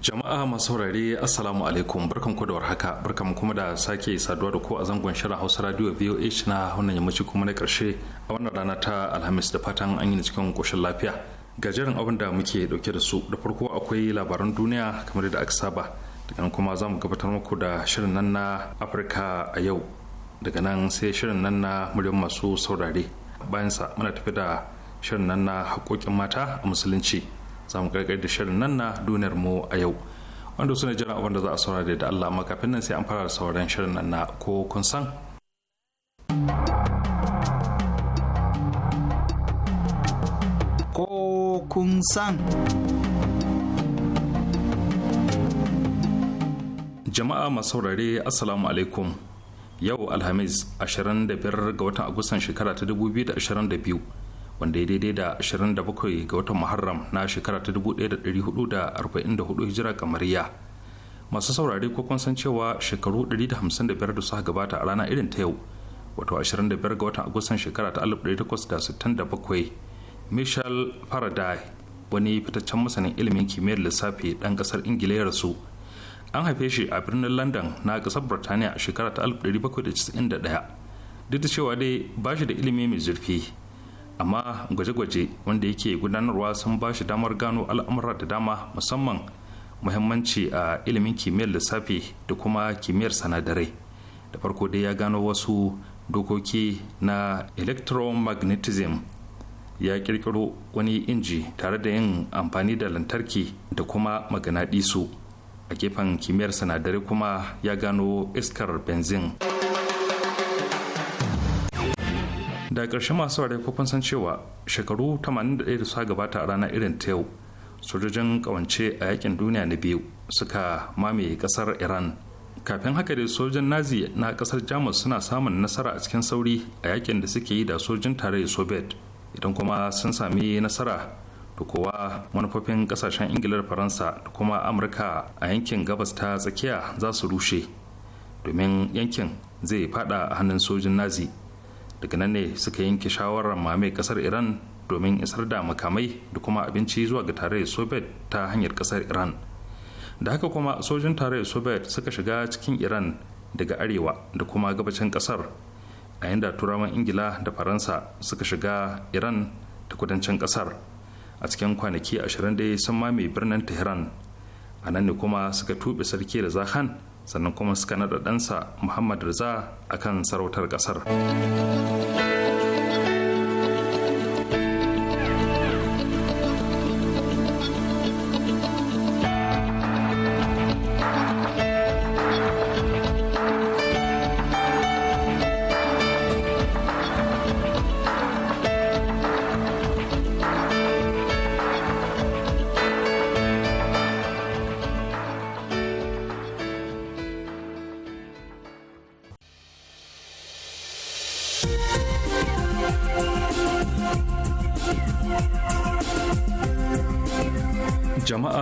Jama'a masu saurare Assalamu alaikum barkan ku da warhaka barkan kuma da sake saduwa da ku a zangon shirin Hausa Radio VOH na wannan yammaci kuma na karshe a wannan rana ta Alhamis da fatan an yi cikin koshin lafiya. Gajeren abin da muke dauke da su da farko akwai labaran duniya kamar da aka saba daga nan kuma za mu gabatar muku da shirin nan na Afirka a yau daga nan sai shirin nan na muryar masu saurare bayan sa muna tafi da shirin nan na haƙoƙin mata a musulunci za mu karkar da shirin nan na duniyar mu a yau wanda ne jiran abin da za a saurare da Allah amma kafin nan sai an fara sauran shirin nan na ko kun san ko kun san jama'a masu saurare assalamu alaikum yau alhamis 25 ga watan agustan shekara ta 2022 wanda ya daidai da 27 ga watan muharram na shekara ta 1444 hijira kamariya masu saurare ko kun san cewa shekaru 155 da suka gabata a rana irin ta yau wato 25 ga watan agustan shekara ta 1867 michel faraday wani fitaccen masanin ilimin kimiyyar lissafi dan kasar ingila ya rasu an haife shi a birnin london na kasar birtaniya a shekara ta 1791 duk da cewa dai ba shi da ilimi mai zurfi amma gwaje-gwaje wanda yake gudanarwa sun ba shi damar gano al'amura da dama musamman muhimmanci a ilimin kimiyyar lissafi da kuma kimiyyar sanadarai da farko dai ya gano wasu dokoki na electromagnetism ya kirkiro wani inji tare da yin amfani da lantarki da kuma maganadisu a gefen kimiyyar sanadarai kuma ya gano iskar benzin. da ƙarshe masu ware kun san cewa shekaru 81 da suka gabata a ranar irin ta yau sojojin kawance a yakin duniya na biyu suka mamaye ƙasar iran kafin haka da sojin nazi na ƙasar jamus suna samun nasara a cikin sauri a yakin da suke yi da sojin tarayyar soviet idan kuma sun sami nasara da kowa manufofin ƙasashen ingila da faransa da kuma amurka a yankin gabas ta tsakiya za su rushe domin yankin zai fada a hannun sojin nazi daga nan ne suka yanke shawarar mame kasar iran domin isar da makamai da kuma abinci zuwa ga tarayyar soviet ta hanyar kasar iran da haka kuma sojin tarayyar soviet suka shiga cikin iran daga arewa da kuma gabacin kasar a yadda turawan ingila da faransa suka shiga iran ta kudancin kasar a cikin kwanaki ashirin dai sun mame birnin tehran a nan ne kuma suka tuɓe sarki da zahan sannan kuma suka naɗa ɗansa muhammad riza akan sarautar ƙasar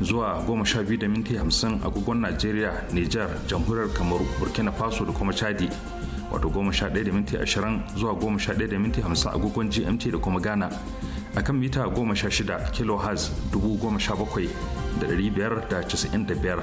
zuwa goma sha biyu da minti 50 agogon najeriya niger jamhuriyar kamaru burkina faso da kuma chadi wato 11 da minti 20 zuwa 11 da minti 50 agogon gmt da kuma ghana a kan mita 16 kilohertz biyar.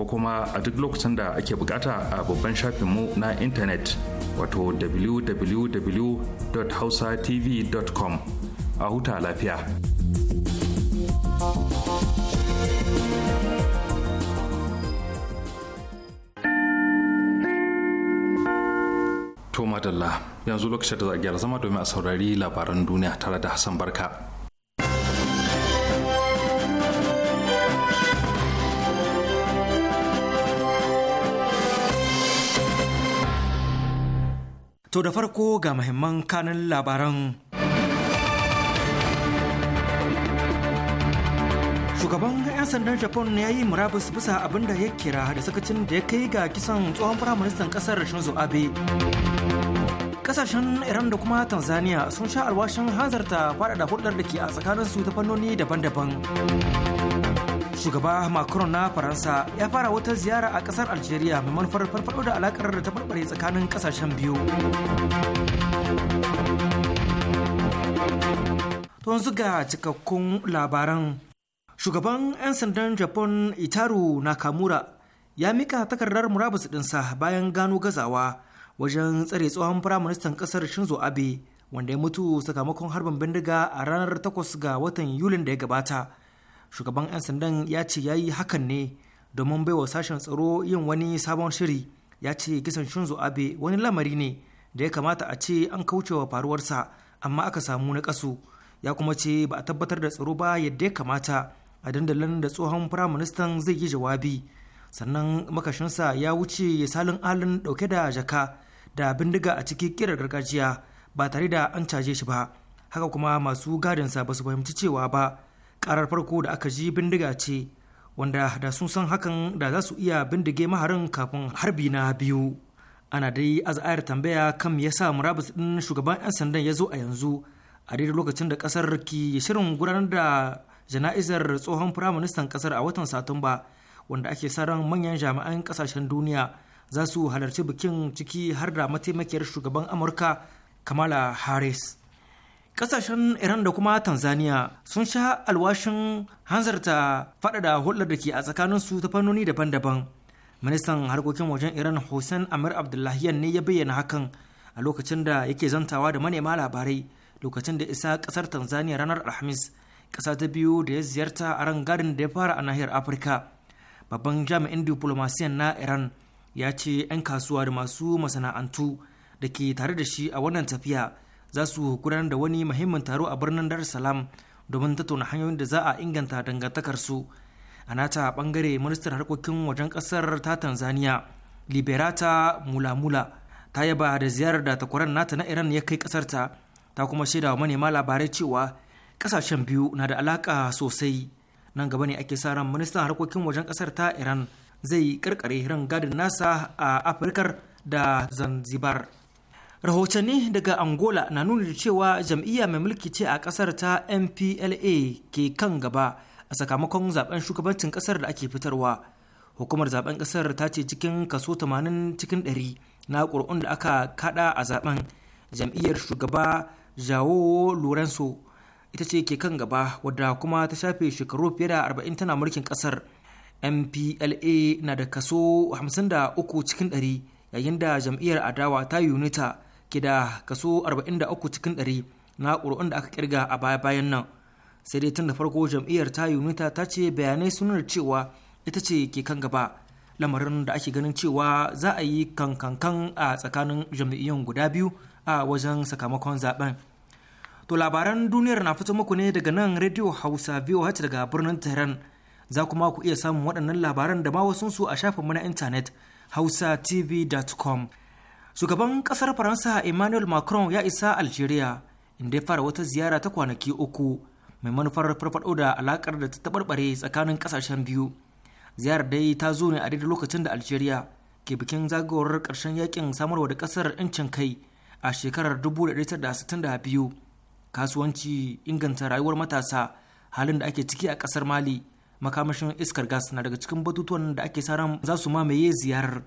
ko kuma a duk lokacin da ake bukata a babban shafinmu na intanet wato www.hausatv.com a huta lafiya. To madalla yanzu lokacin da za gyara zama domin a saurari labaran duniya tare da Hassan Barka. To da farko ga mahimman kanin labaran. Shugaban 'yan sandan Japan ya yi murabus bisa abin da ya kira da sakacin da ya kai ga kisan tsohon firaministan ƙasar Shinzo Abe. Ƙasashen Iran da kuma Tanzania sun sha alwashin hanzarta faɗaɗa hulɗar da ke a tsakaninsu ta fannoni daban-daban. shugaba macron na faransa ya fara wata ziyara a kasar algeria mai manufar farfado da alakar da ta barbare tsakanin kasashen biyu tun zuga cikakkun labaran shugaban 'yan sandan japan itaru nakamura ya mika takardar murabus dinsa bayan gano gazawa wajen tsare tsohon firaministan ƙasar shinzo abe wanda ya mutu sakamakon harbin bindiga a ranar 8 ga watan yulin da ya gabata shugaban 'yan sandan ya ce ya yi hakan ne domin baiwa sashen tsaro yin wani sabon shiri ya ce kisan shinzo abe wani lamari ne da ya kamata a ce an kaucewa faruwarsa amma aka samu na kasu ya kuma ce ba a tabbatar da tsaro ba yadda ya kamata a dandalin da tsohon firaministan zai yi jawabi sannan makashinsa ya wuce ya salin alin dauke da jaka da bindiga a cikin kirar gargajiya ba tare da an caje shi ba haka kuma masu gadinsa ba su fahimci cewa ba karar farko da aka ji bindiga ce wanda da sun san hakan da za su iya bindige maharin kafin harbi na biyu ana dai azayar tambaya kan ya sa murabus din shugaban 'yan sandan ya zo a yanzu a daidai lokacin da kasar ki shirin gudanar da jana'izar tsohon firaministan kasar a watan satumba wanda ake sa ran manyan jami'an kasashen duniya za su halarci bikin ciki har da mataimakiyar shugaban amurka kamala harris Ƙasashen Iran da kuma Tanzania sun sha alwashin hanzarta faɗaɗa hulɗar da ke a su ta fannoni daban-daban. Ministan harkokin wajen Iran Hussein Amir Abdullahiyan ne ya bayyana hakan a lokacin da yake zantawa da manema labarai lokacin da isa ƙasar Tanzania ranar Alhamis, ƙasa ta biyu da ya ziyarta a ran garin da ya fara a nahiyar Afirka. Babban jami'in diplomasiyan na Iran ya ce 'yan kasuwa da masu masana'antu da ke tare da shi a wannan tafiya za su gudanar da wani muhimmin taro a birnin dar es domin tattauna hanyoyin da za a inganta dangantakarsu a nata bangare ministan harkokin wajen kasar ta tanzania liberata mulamula ta yaba da ziyarar da takwaran nata na iran ya kai kasar ta ta kuma wa manema labarai cewa kasashen biyu na da alaka sosai nan gaba ne ake sa ran ministan harkokin wajen kasar ta iran zai karkare ran gadin nasa a afirkar da zanzibar rahotanni daga angola na nuna da cewa jam'iyya mai mulki ce a kasar ta mpla ke kan gaba a sakamakon zaben shugabancin kasar da ake fitarwa hukumar zaben kasar ta ce cikin kaso 80 cikin 100 na ƙuri'un da aka kada a zaben jam'iyyar shugaba jawo lorenzo ita ce ke kan gaba wadda kuma ta shafe shekaru fiye da 40 tana mulkin kasar mpla na da kaso 53 cikin 100 yayin da jam'iyyar adawa ta unita ke da kaso 43 cikin 100 na ƙuri'un da aka kirga a baya-bayan nan sai dai tun da farko jam'iyyar ta unita ta ce bayanai sun cewa ita ce ke kan gaba lamarin da ake ganin cewa za a yi kankankan a tsakanin jam'iyyun guda biyu a wajen sakamakon zaben to labaran duniyar na fito muku ne daga nan radio hausa voh daga birnin tehran za kuma ku iya samun waɗannan labaran da ma wasunsu a shafinmu na intanet hausatv.com shugaban kasar faransa emmanuel macron ya isa algeria inda ya fara wata ziyara ta kwanaki uku mai manufar farfado da alakar da ta taɓarɓare tsakanin ƙasashen biyu ziyarar dai ta zo ne a daidai lokacin da algeria ke bikin zagawar ƙarshen yakin samarwa da ƙasar 'yancin kai a shekarar 1962 kasuwanci inganta rayuwar matasa halin da ake ciki a ƙasar mali makamashin iskar gas na daga cikin batutuwan da ake sa ran za su mamaye ziyarar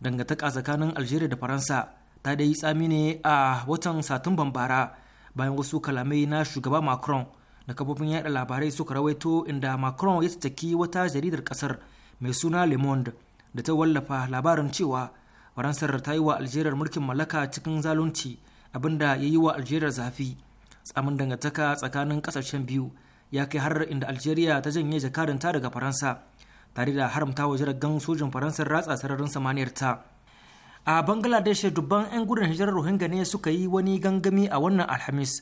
dangantaka tsakanin algeria da faransa ta dai tsami ne a watan satumban bara bayan wasu kalamai na shugaba macron da kafofin yaɗa labarai suka rawaito inda macron ya tattaki wata jaridar kasar mai suna le monde da ta wallafa labarin cewa faransar ta yi wa algeria mulkin mallaka cikin zalunci abinda ya yi wa algeria zafi tsamin dangantaka tsakanin kasashen biyu ya kai har inda algeria ta janye jakadanta daga faransa tare da haramta haramtawa jiragen sojin faransa ratsa sararin samaniyar ta a bangladesh dubban 'yan gudun hijirar rohingya ne suka yi wani gangami a wannan alhamis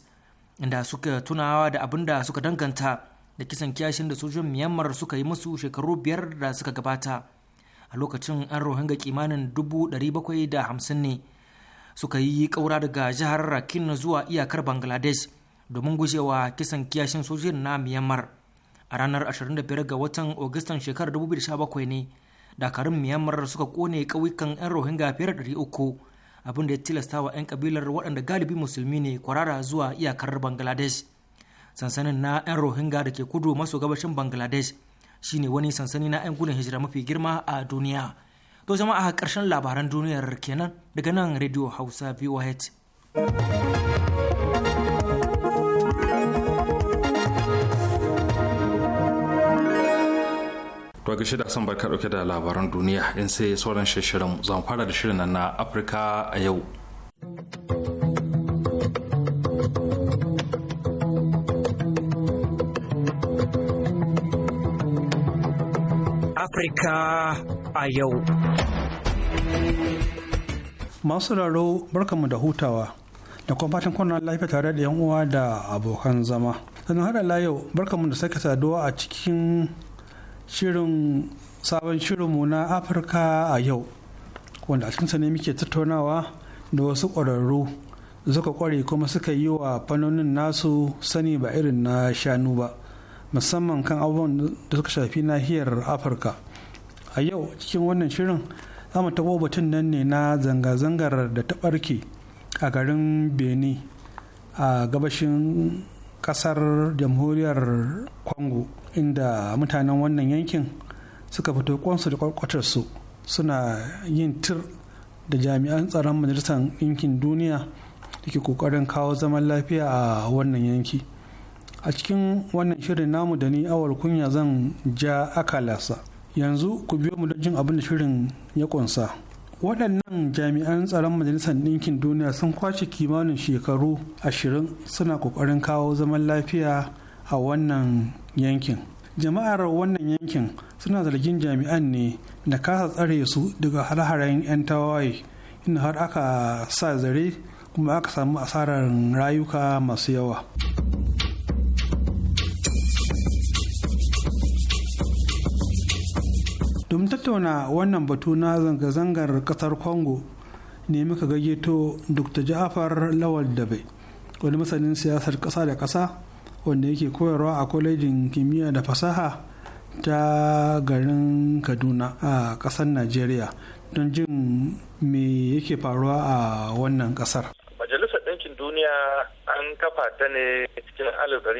inda suka tunawa da abin da suka danganta da kisan kiyashin da sojin myanmar suka yi musu shekaru biyar da suka gabata a lokacin yan rohingya kimanin dubu bakwai da hamsin ne suka yi kaura daga jihar rakin zuwa iyakar bangladesh domin gujewa kisan kiyashin sojin na myanmar a ranar 25 ga watan Agustan shekarar 2017 ne dakarun Myanmar suka kone ƙauyukan 'yan Rohingya fiye da 300 abinda ya tilasta wa 'yan kabilar waɗanda galibi musulmi ne kwarara zuwa iyakar Bangladesh. Sansanin na 'yan Rohingya da ke kudu maso gabashin Bangladesh shi ne wani sansani na 'yan gudun hijira mafi girma a duniya. To jama'a ƙarshen labaran duniyar kenan daga nan Radio Hausa VOH. to ga shida son barka dauke da labaran duniya in sai sauran shirin mu fara da shirin nan na afirka a yau afirka a yau masu raro barkanmu da hutawa da kuma fatan kwanan lafiya tare da yan uwa da abokan zama sannan hada layo barkanmu da sake saduwa a cikin shirin sabon shirinmu na afirka a yau wanda a cikinsa ne muke tattaunawa da wasu ƙwararru suka ƙware kuma suka yi wa fannonin nasu sani ba irin na shanu ba musamman kan abubuwan da suka shafi nahiyar afirka a yau cikin wannan shirin za mu taɓo batun nan ne na zanga-zangar da ta ɓarke a garin benin a gabashin ƙasar jamhuriyar congo inda mutanen wannan yankin suka fito kwansu da kwarkwatarsu suna yin tir da jami'an tsaron majalisar ɗinkin duniya da ke ƙoƙarin kawo zaman lafiya a wannan yanki a cikin wannan shirin namu da ni awal kunya zan ja akalasa yanzu ku biyo mu don jin abin da shirin ya ƙunsa waɗannan jami'an tsaron majalisar ɗinkin duniya sun kwace kimanin shekaru ashirin suna ƙoƙarin kawo zaman lafiya a wannan yankin jama'ar wannan yankin suna zargin jami'an ne da kasa tsare su daga hare-haren 'yan tawaye inda har aka sa zare kuma aka samu asarar rayuka masu yawa domin tattauna wannan batu na zanga-zangar kasar congo ne muka gayyato dr ja'afar lawal dabe wani masanin siyasar kasa da kasa wanda yake koyarwa a kwalejin kimiyya da fasaha ta garin kaduna a ƙasar najeriya don jin me yake faruwa a wannan ƙasar majalisar ɗinkin duniya an kafa ta ne cikin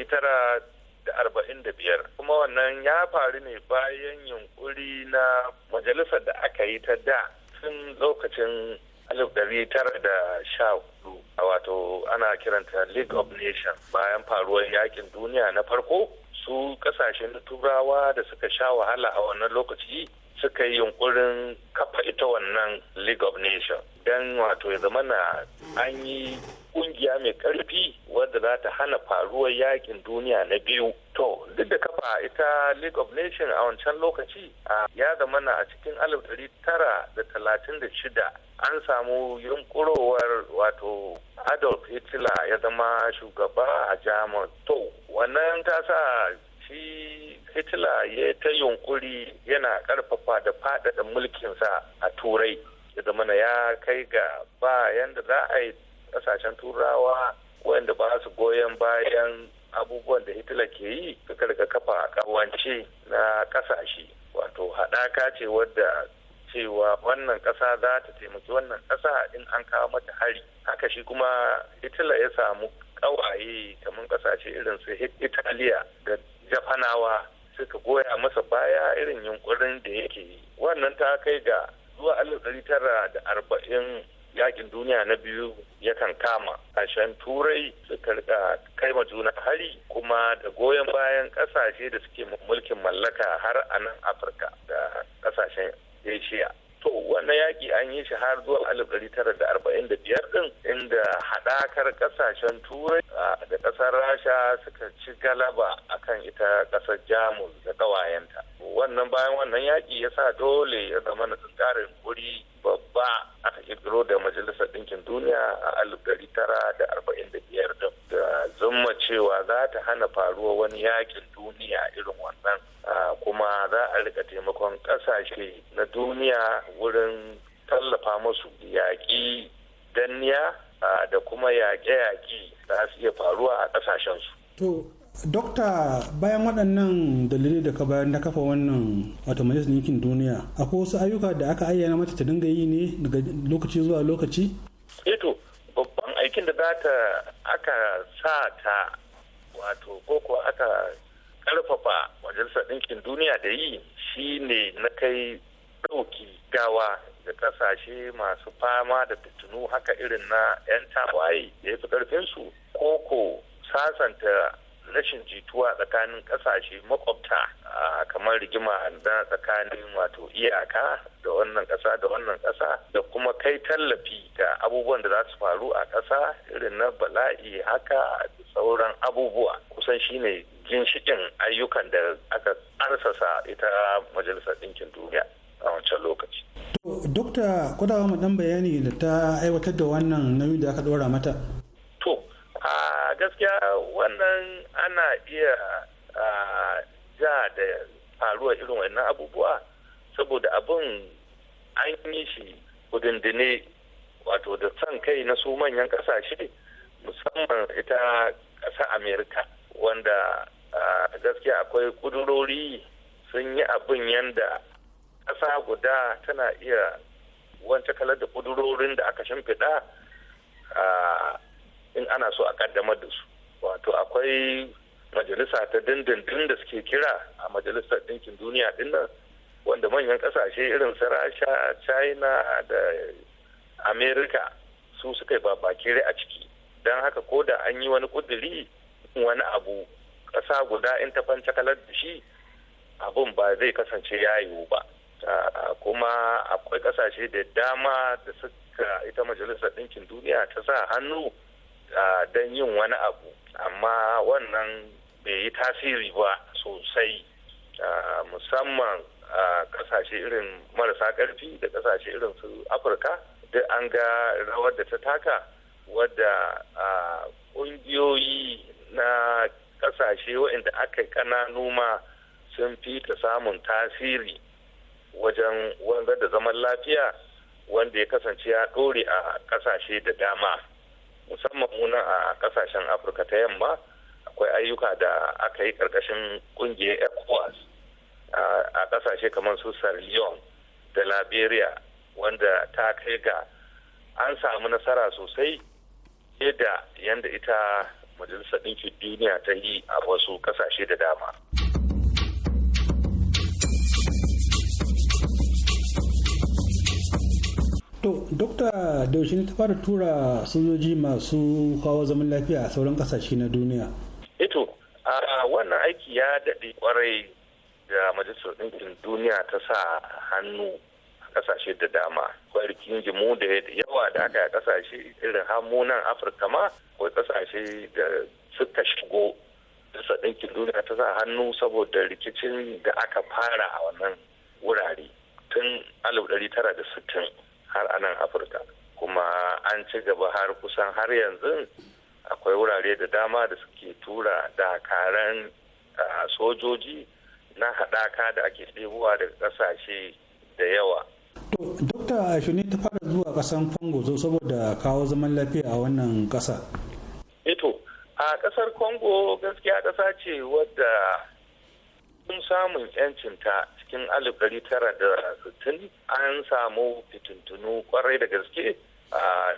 tara. da arba'in da biyar kuma wannan ya faru ne bayan yunkuri na majalisar da aka yi ta da tun lokacin alif ɗari tara da sha hudu wato ana kiranta league of nations bayan faruwar yakin duniya na farko su kasashen turawa da suka sha wahala a wannan lokaci suka yi yunkurin kafa ita wannan league of nations don wato ya zama na an yi kungiya mai karfi wadda za ta hana faruwar yakin duniya na biyu to duk da kafa ita league of nations a wancan lokaci ya zama a cikin da da talatin shida an samu yunkurowar wato adolf hitler ya zama shugaba a jamus to wannan ta sa shi hitler ya ta yunkuri yana karfafa da faɗaɗa mulkinsa a turai ya zamana ya kai ga bayan da za a yi kasashen turawa wanda ba su goyon bayan abubuwan da hitler ke yi suka rika kafa kawance na kasashe wato haɗaka ce wadda cewa wannan ƙasa za ta taimaki wannan ƙasa in an kawo mata hari haka shi kuma hitler ya samu ƙawaye kamar ƙasashe irin su italiya da Jafanawa suka goya masa baya irin yunkurin da yake yi wannan ta kai ga zuwa alif ɗari tara da arba'in yakin duniya na biyu yakan kama ashen turai suka rika kai juna hari kuma da goyon bayan ƙasashe da suke mulkin mallaka har a nan afirka da ƙasashen asia to wannan yaƙi an yi shi har zuwa alif ɗari tara da arba'in da biyar ɗin inda haɗakar ƙasashen turai da ƙasar rasha suka ci galaba akan ita ƙasar jamus da ƙawayenta wannan bayan wannan yaƙi ya sa dole ya zama na tsarin wuri babba aka kirkiro da majalisar ɗinkin duniya a alif ɗari tara da arba'in da biyar da zumma cewa za ta hana faruwa wani yakin duniya irin wannan kuma za a rika taimakon ƙasashe na duniya wurin tallafa musu yaƙi danniya da kuma yaƙe-yaƙi za su iya faruwa a ƙasashensu. To dokta bayan waɗannan dalilai da ka bayan na kafa wannan wato majalisar ɗinkin duniya akwai wasu ayyuka da aka ayyana mata ta dinga yi ne daga lokaci zuwa lokaci eto eh babban aikin da za ta aka sa ta wato ko ko aka karfafa majalisar ɗinkin duniya da yi shi ne na kai ɗauki gawa da ƙasashe masu fama da fitinu haka irin na 'yan tawaye da ya fi ƙarfinsu ko ku sasanta rashin jituwa tsakanin kasashe makwabta kamar rigima na tsakanin wato iyaka da wannan kasa da wannan kasa da kuma kai tallafi ga abubuwan da za su faru a kasa irin na bala'i haka da sauran abubuwa kusan shine ginshikin ayyukan da aka arsasa ita majalisar ɗinkin duniya a wancan lokaci. Dokta, kudawa mu dan bayani da ta aiwatar da wannan nauyi da aka ɗora mata. a gaskiya wannan ana iya ja da faruwa irin wannan abubuwa saboda abin an yi shi kudindine wato da san kai na su manyan kasashe musamman ita ƙasa amerika wanda gaskiya akwai kudurori sun yi abin yanda ƙasa guda tana iya wancan kalar da kudurorin da aka shimfiɗa in ana so a kaddamar da su wato akwai majalisa ta dindindin da suke kira a majalisar ɗinkin duniya dinnan nan wanda manyan kasashe irin su rasha china da america su suka yi babakere a ciki don haka ko da an yi wani ƙudiri wani abu ƙasa guda in ta kalar da shi abun ba zai kasance ya yiwu ba kuma akwai ƙasashe da dama da suka ita majalisar ɗinkin duniya ta sa hannu don yin wani abu amma wannan bai yi tasiri ba sosai musamman a kasashe irin marasa karfi da kasashe irin su afirka duk an ga rawar da ta taka wadda kungiyoyi na kasashe waɗanda aka kananu ma sun fi ta samun tasiri wajen wanzar da zaman lafiya wanda ya kasance ya ɗore a kasashe da dama musamman muna a kasashen afirka ta yamma akwai ayyuka da aka yi karkashin kungiyar ecowas a kasashe kamar su saint-leon da liberia wanda ta kai ga an samu nasara sosai da yanda ita majalisar ɗinkin duniya ta yi a wasu kasashe da dama dokta ne ta fara tura sojoji masu kawo zaman lafiya a sauran kasashe na duniya ito a wannan aiki ya daɗe kwarai da majalisar ɗinkin duniya ta sa hannu a kasashe da dama akwai mu da yawa da aka yi a kasashe irin nan afirka ma akwai kasashe da suka shigo majalisar ɗinkin duniya ta sa hannu saboda rikicin da aka fara a wannan wurare tun 1960 har anan afirka kuma an ci gaba har kusan har yanzu akwai wurare da dama da suke tura dakaran sojoji na haɗaka da ake ɗebowa daga ƙasashe da yawa to dokta shuni ta fara zuwa ƙasan congo saboda kawo zaman lafiya a wannan ƙasa eto eh a ƙasar congo gaskiya ƙasa ce wadda sun samun 'yancinta cikin alif ɗari tara da an samu fitintunu kwarai da gaske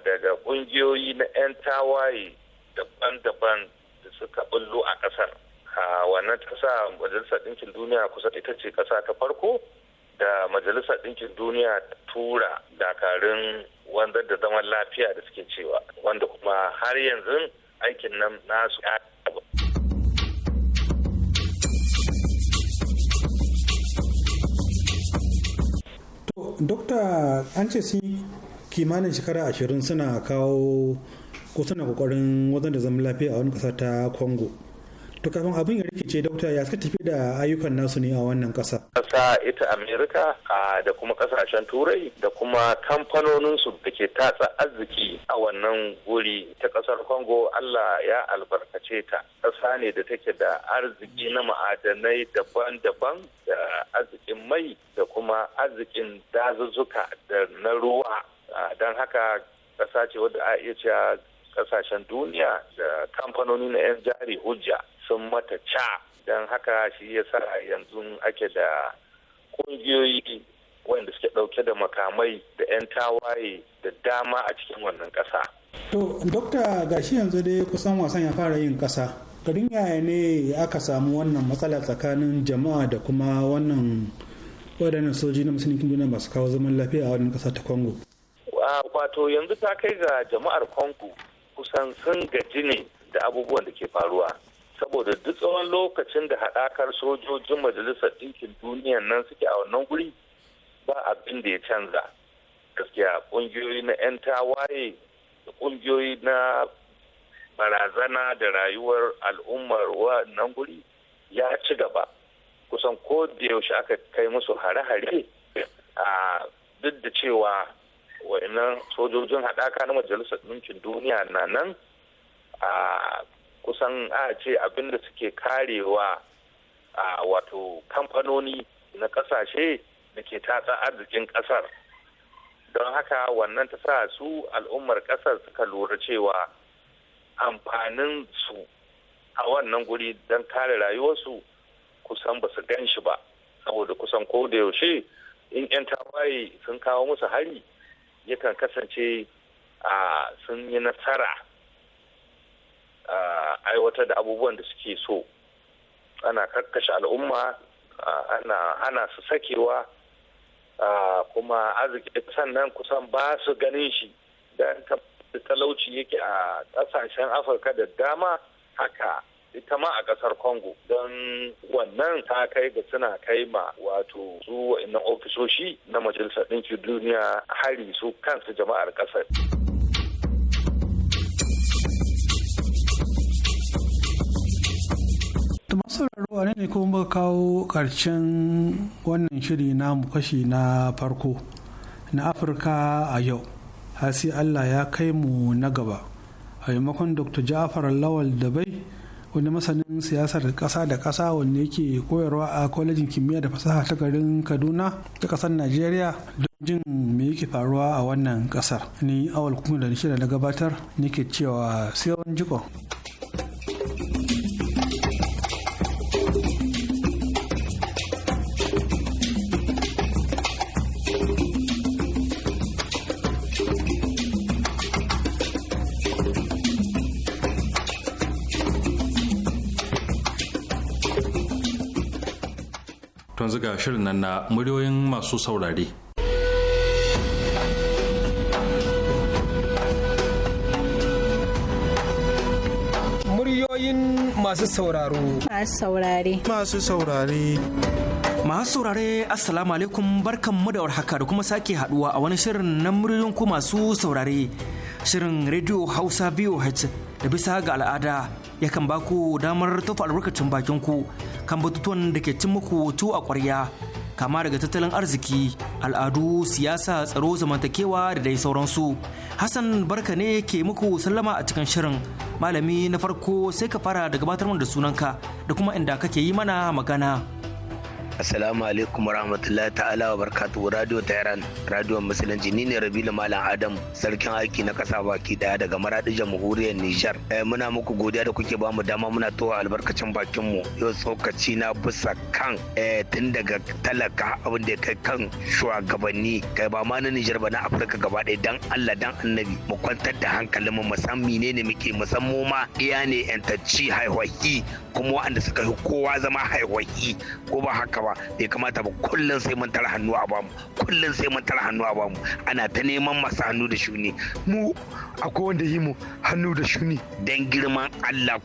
daga ƙungiyoyi na 'yan tawaye daban-daban da suka bullo a ƙasar wannan sa majalisar ɗinkin duniya kusa ita ce kasa ta farko da majalisar ɗinkin duniya tura dakarun wanzar da zaman lafiya da suke cewa wanda kuma har yanzu aikin nan nasu dokta an ce sun kimanin shekara ashirin suna kawo ko suna kokarin wajen da zama lafiya a wani ƙasa ta congo to kafin abin ya rikice dokta ya suka tafi da ayyukan nasu ne a wannan kasa kasa ita amerika da kuma kasashen turai da kuma kamfanoninsu da ke tatsa arziki a wannan guri ta kasar congo allah ya albarkace ta kasa ne da take da arziki na ma'adanai daban-daban da arzikin mai da kuma arzikin dazuzzuka da na ruwa don haka kasa ce wadda a iya cewa kasashen duniya da kamfanoni na 'yan jari hujja sun mata ca don haka shi ya sa yanzu ake da ƙungiyoyi wanda suke ɗauke da makamai da 'yan tawaye da dama a cikin wannan ƙasa. to dokta gashi yanzu dai kusan wasan ya fara yin ƙasa garin yaya ne aka samu wannan matsala tsakanin jama'a da kuma wannan waɗannan soji na musulun duniya masu kawo zaman lafiya a wannan ƙasa ta kongo. wato yanzu ta kai ga jama'ar Kongo kusan sun gaji ne da abubuwan da ke faruwa saboda duk tsawon lokacin da haɗakar sojojin majalisar ɗinkin duniya nan suke a wannan guri ba abin da ya canza gaskiya ƙungiyoyi na 'yan tawaye da ƙungiyoyi na barazana da rayuwar al'ummar wannan guri ya ci gaba kusan ko da yaushe aka kai musu hare-hare a duk da cewa wa'annan sojojin haɗaka na majalisar ɗinkin duniya na nan a kusan a ce abin da suke karewa a wato kamfanoni na ƙasashe da ke tatsa arzikin ƙasar don haka wannan ta sa su al'ummar ƙasar suka lura cewa amfanin su a wannan guri don kare rayuwarsu kusan ba su gan shi ba saboda kusan ko da yaushe in 'yan tawaye sun kawo musu hari yakan kasance a sun yi nasara aiwatar da abubuwan da suke so ana karkashe al'umma ana hana su sakewa kuma arziki sannan kusan ba su ganin shi don talauci yake a ƙasashen afirka da dama haka ita ma a kasar congo don wannan ta kai da suna kai ma wato su ina ofisoshi na majalisar ɗinki duniya hari su kansu jama'ar ƙasar. sauraro a ne kuma muka kawo ƙarshen wannan shiri na kashi na farko na afirka a yau har sai allah ya kai mu na gaba a maimakon dr Jafar lawal da bai wani masanin siyasar kasa da kasa wanda yake koyarwa a kwalejin kimiyya da fasaha ta garin kaduna ta ƙasar najeriya don jin mai yake faruwa a wannan ƙasar ni awal kuma da na gabatar nake cewa sai wani jikon yanzu ga shirin nan na muryoyin masu saurare. Muryoyin masu sauraro. Masu saurare. Masu saurare. Masu saurare Assalamu alaikum barkanmu da warhaka da kuma sake haduwa a wani shirin na muryoyin ku masu saurare. Shirin Radio Hausa VOH da bisa ga al'ada yakan ba ku damar tafi albarkacin bakin ku kan batutuwan da ke cin muku tu a ƙwarya kama daga tattalin arziki al'adu siyasa tsaro zamantakewa da dai sauransu hassan barka ne ke muku sallama a cikin shirin malami na farko sai ka fara da gabatar da sunanka da kuma inda kake yi mana magana. Assalamu alaikum warahmatullahi ta'ala wa barkatu Radio Tehran, Radio Musulunci ni ne Rabilu Malam Adam, sarkin aiki na kasa baki daya daga maradin Jamhuriyar Nijar. Eh, muna muku godiya da kuke bamu dama muna towa albarkacin bakin mu. Yau tsokaci na busa kan eh, tun daga talaka abin da kai kan shugabanni kai ba ma na Nijar ba na Afirka gaba ɗaya dan Allah dan Annabi mu kwantar da hankalin mu san menene muke mu san mu ma iya ne yantacci haihuwahi kuma waɗanda suka yi kowa zama haihwaki, ko ba haka ba ba bai kamata ba kullum sai mun tara hannu a bamu kullum sai mun tara hannu a bamu ana ta neman masu hannu da shuni mu akwai wanda yi mu hannu da shuni dan girman Allah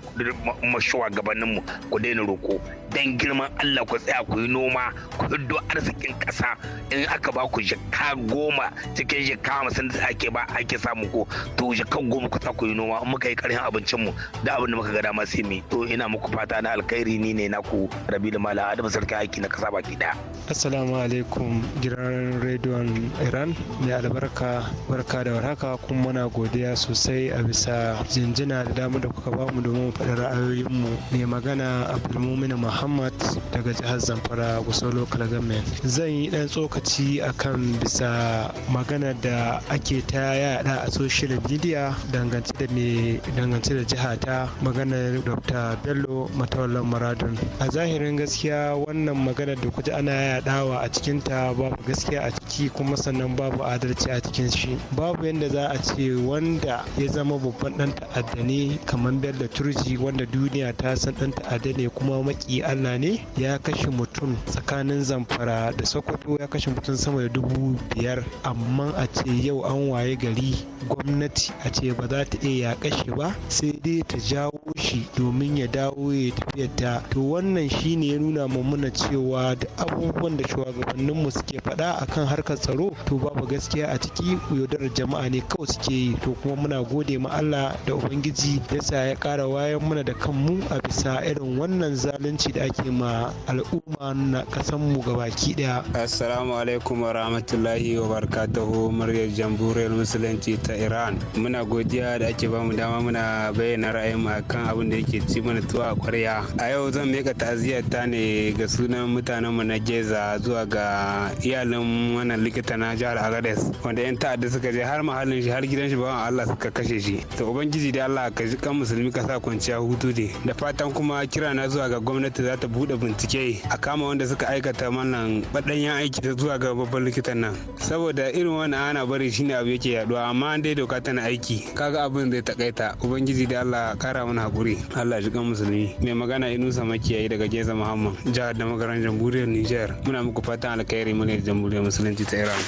mashuwa gabaninmu ku daina roko dan girman Allah ku tsaya ku yi noma ku hiddo arzikin ƙasa in aka ba ku jaka goma cikin jaka hamsin da ake ba ake samu ko to jaka goma ku tsaya ku yi noma in muka yi ƙarfin abincin mu da abin da muka ga dama sai mu to ina muku fata na alkhairi ni ne naku Rabi da Malam Adamu sarki aiki na kasa baki daya Assalamu alaikum gidan rediyon Iran mai albarka barka da warhaka kuma muna godiya sosai a bisa jinjina da damar da kuka mu domin faɗi mu mai magana Abdulmumin Muhammad muhammad daga jihar zamfara kusa local government zan yi dan tsokaci akan bisa magana da ake ta yada a social media dangance da me dangance da jiha ta maganar dr bello matawalan muradun a zahirin gaskiya wannan maganar da kuji ana yadawa a cikinta babu gaskiya a ciki kuma sannan babu adalci a cikin shi babu yadda za a ce wanda ya zama babban dan ta'adda ne kamar bello turji wanda duniya ta san dan ta'adda ne kuma maki Allah ne ya kashe mutum tsakanin zamfara da sokoto ya kashe mutum sama da dubu biyar amma a ce yau an waye gari gwamnati a ce ba za ta iya ya kashe ba sai dai ta jawo shi domin ya dawo ya tafiyar ta to wannan shine ya nuna muna cewa da abubuwan da shugabanninmu suke faɗa akan harkar tsaro to babu gaskiya a ciki yaudarar jama'a ne kawai suke yi to kuma muna gode ma Allah da ubangiji yasa ya ƙara wayan mana da kanmu a bisa irin wannan zalunci da ake ma al'umma na ga gabaki ɗaya assalamu alaikum wa rahmatullahi wa barakatuhu muryar jamhuriyar musulunci ta iran muna godiya da ake bamu dama muna bayyana mu akan abin abin da yake ci mana tuwa a kwarya a yau zan mika ta'aziyarta ne ga sunan mutanen mu na jeza zuwa ga iyalin wannan likita na jihar agades wanda yan ta'adda suka je har mahallin shi har gidan shi bawan allah suka kashe shi to ubangiji da allah ka ji kan musulmi ka sa kwanciya hutu ne da fatan kuma kira na zuwa ga gwamnati za ta bude bincike a kama wanda suka aikata wannan baɗanyen aiki da zuwa ga babban likitan nan saboda irin wannan ana bari shine abu yake yaduwa amma an dai doka na aiki kaga abin zai takaita ubangiji da allah kara mana hakuri zaure allah ji kan musulmi mai magana inusa makiyayi daga Jeza muhammad jihar da magaran jamhuriyar niger muna muku fatan alkhairi mu ne jamhuriyar musulunci ta iran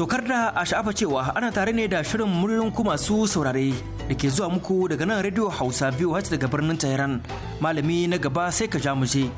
tokar da a sha'afa cewa ana tare ne da shirin muryoyin ku masu saurare da ke zuwa muku daga nan radio hausa biyu daga birnin tehran malami na gaba sai ka ja mu je.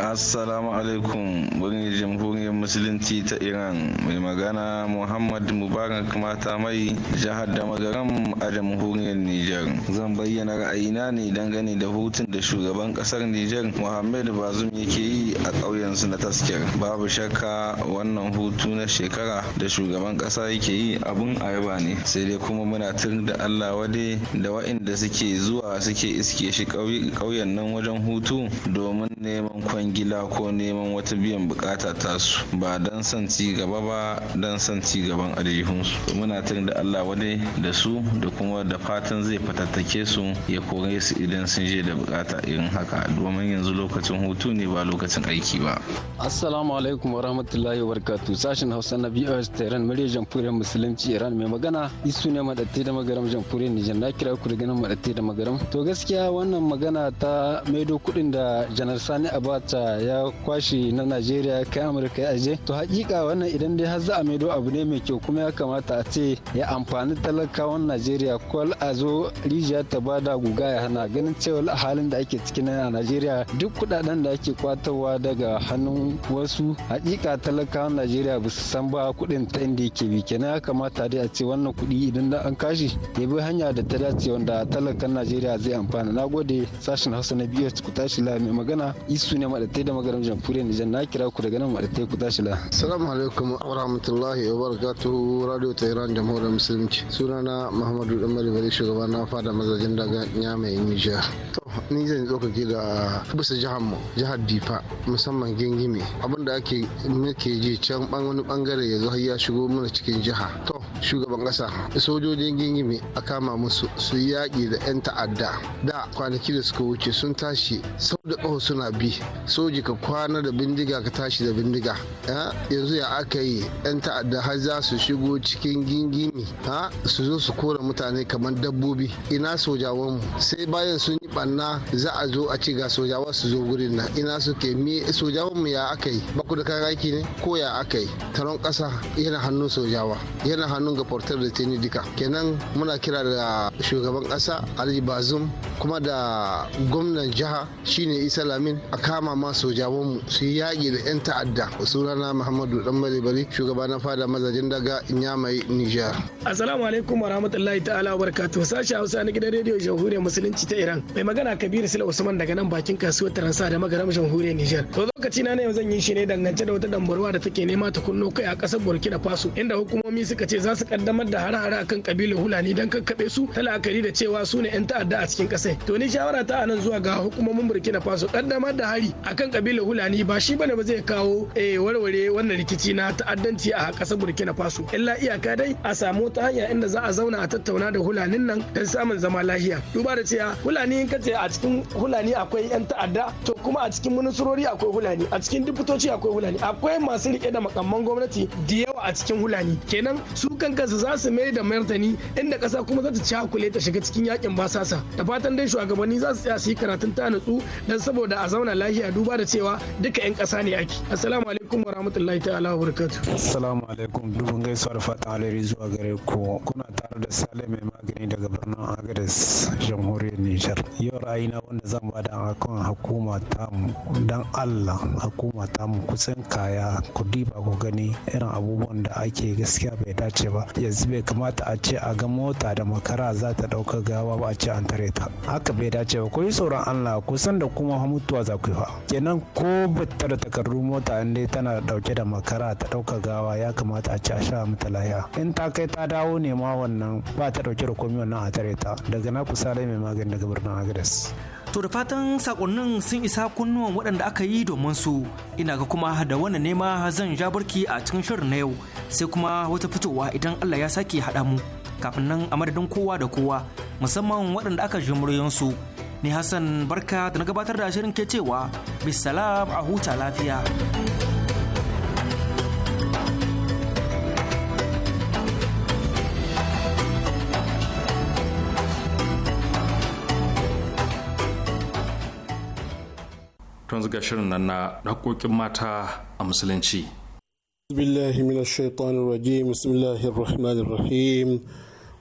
assalamu alaikum wani jamhuriyar musulunci ta iran mai magana muhammad mubarak mata mai jihar da magaram a jamhuriyar Nijar. zan bayyana ra'ayina ne dangane da hutun da shugaban kasar Nijar? muhammad bazum yake yi a ƙauyensu na tasker? babu shakka wannan hutu na shekara da shugaban ƙasa yake yi abun ayaba ne sai dai kuma muna tun da allah wade da wa'inda suke zuwa suke iske shi ƙauyen nan wajen hutu domin neman kwanya gila ko neman wata biyan bukata tasu ba don son ci gaba ba don son ci gaban aljihunsu muna tun da allah wani da su da kuma da fatan zai fatattake su ya kore su idan sun je da bukata irin haka domin yanzu lokacin hutu ne ba lokacin aiki ba assalamu alaikum warahmatullahi wabarakatuh sashen hausa na bos tehran murya jamhuriyar musulunci iran mai magana isu ne madatti da magaram jamhuriyar nijar na kira ku daga nan madatti da magaram to gaskiya wannan magana ta maido kuɗin da janar sani abad ta ya kwashe na najeriya kai amurka ya aje to hakika wannan idan dai har za a maido abu ne mai kyau kuma ya kamata a ce ya amfani talakawan najeriya kwal a zo rijiya ta bada guga ya hana ganin cewa halin da ake ciki na najeriya duk kudaden da ake kwatawa daga hannun wasu hakika talakawan najeriya ba su san ba kudin ta inda yake bi kenan ya kamata dai a ce wannan kudi idan da an kashi ya bi hanya da ta dace wanda talakan najeriya zai amfana na gode sashen hausa na biyu ku tashi la mai magana isu ne maɗatai da magaram jamhuriyar Nijar na kira ku daga nan maɗatai ku tashi la. Salamu alaikum wa rahmatullahi wa barakatuhu Radio Tehran Jamhuriyar Musulunci. Sunana Muhammadu Dan bari shugaba na fada mazajin daga Nyamai Nijar. To ni zan tsokaki da bisa jihar mu jihar Difa musamman Gingimi da ake muke ji can wani bangare yanzu har ya shigo mana cikin jiha. To shugaban kasa sojojin Gingimi a kama musu su yaƙi da 'yan ta'adda da kwanaki da suka wuce sun tashi sau da ƙaho suna bi soji ka kwana da bindiga ka tashi da bindiga yanzu ya aka yi 'yan ta'adda har za su shigo cikin gingimi ha su zo su kora mutane kamar dabbobi ina sojawan sai bayan sun yi banna za a zo a ci ga sojawa su zo gurin nan ina suke mi sojawan mu ya aka yi ba da kayan aiki ne ko ya aka yi taron kasa yana hannun sojawa yana hannun ga portar da teni dika kenan muna kira da shugaban kasa alhaji bazum kuma da gwamnan jiha shine isa lamin a kama ma mu su yi yaƙi da 'yan ta'adda sunana muhammadu dan bari shugaba na fada mazajen daga nyamai nijar assalamu alaikum warahmatullahi ta'ala wabarakatuh sashi hausa na gidan rediyo jamhuriyar musulunci ta iran mai magana kabiru sila usman daga nan bakin kasuwar taransa da magaram jamhuriyar nijar to lokaci na yau zan yi shi ne dangance da wata dambarwa da take nema ta kunno kai a kasar burkina faso inda hukumomi suka ce za su kaddamar da hare-hare kan kabilar hulani don kakkaɓe su ta la'akari da cewa su ne 'yan ta'adda a cikin kasai to ni shawara ta anan zuwa ga hukumomin burkina faso kaddamar da hari akan kabilar hulani ba shi bane ba zai kawo eh, warware wannan rikici na ta'addanci a ƙasar burkina faso illa iyaka dai a samu ta hanya inda za a zauna a tattauna da hulanin nan don samun zama lahiya duba da cewa hulani in kace a cikin hulani akwai yan ta'adda to kuma a cikin ministrori akwai hulani a cikin diputoci akwai hulani akwai masu rike da makamman gwamnati da yawa a cikin hulani kenan su kan kansu za su mai da martani inda ƙasa kuma za ta cakule ta shiga cikin yakin basasa da fatan dai shugabanni za su tsaya su yi karatun ta nutsu don saboda a zauna lahiya duba da cewa duka 'yan ƙasa ne ake assalamu alaikum warahmatullahi ta'ala ala assalamu alaikum dubin gaisuwa da fatan alheri zuwa gare ku kuna tare da sale mai magani daga birnin Agadez, jamhuriyar nijar yau na wanda zan ba da akan hukuma mu. dan allah hukuma mu. kusan kaya ku diba ku gani irin abubuwan da ake gaskiya bai dace ba yanzu bai kamata a ce a ga mota da makara za ta ɗauka gawa ba a ce an tare ta haka bai dace ba ku yi sauran allah kusan da kuma mutuwa za ku yi fa kenan ko bata da takardu mota in dai tana dauke da makara ta dauka gawa ya kamata a ci a sha mata lahiya in ta kai ta dawo ne ma wannan ba ta dauke da komai wannan a tare ta daga na kusa mai magani daga birnin agres To da fatan sakonnin sun isa kunnuwan waɗanda aka yi domin su ina ga kuma da wani nema zan ja barki a cikin shirin na yau sai kuma wata fitowa idan Allah ya sake haɗa mu kafin nan a madadin kowa da kowa musamman waɗanda aka ji su ni Hassan barka da na gabatar da shirin ke cewa bisalam a huta lafiya. tun ga shirin nan na haƙoƙin mata a musulunci. بالله من الشيطان الرجيم بسم الله الرحمن الرحيم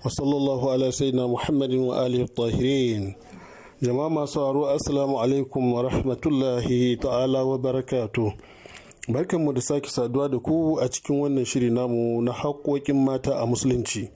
وصلى الله على سيدنا محمد وآله الطاهرين jama'a masu haro assalamu alaikum wa rahmatullahi ta'ala wa barakatu barkanmu da sake saduwa da ku a cikin wannan shiri namu na haƙoƙin mata a musulunci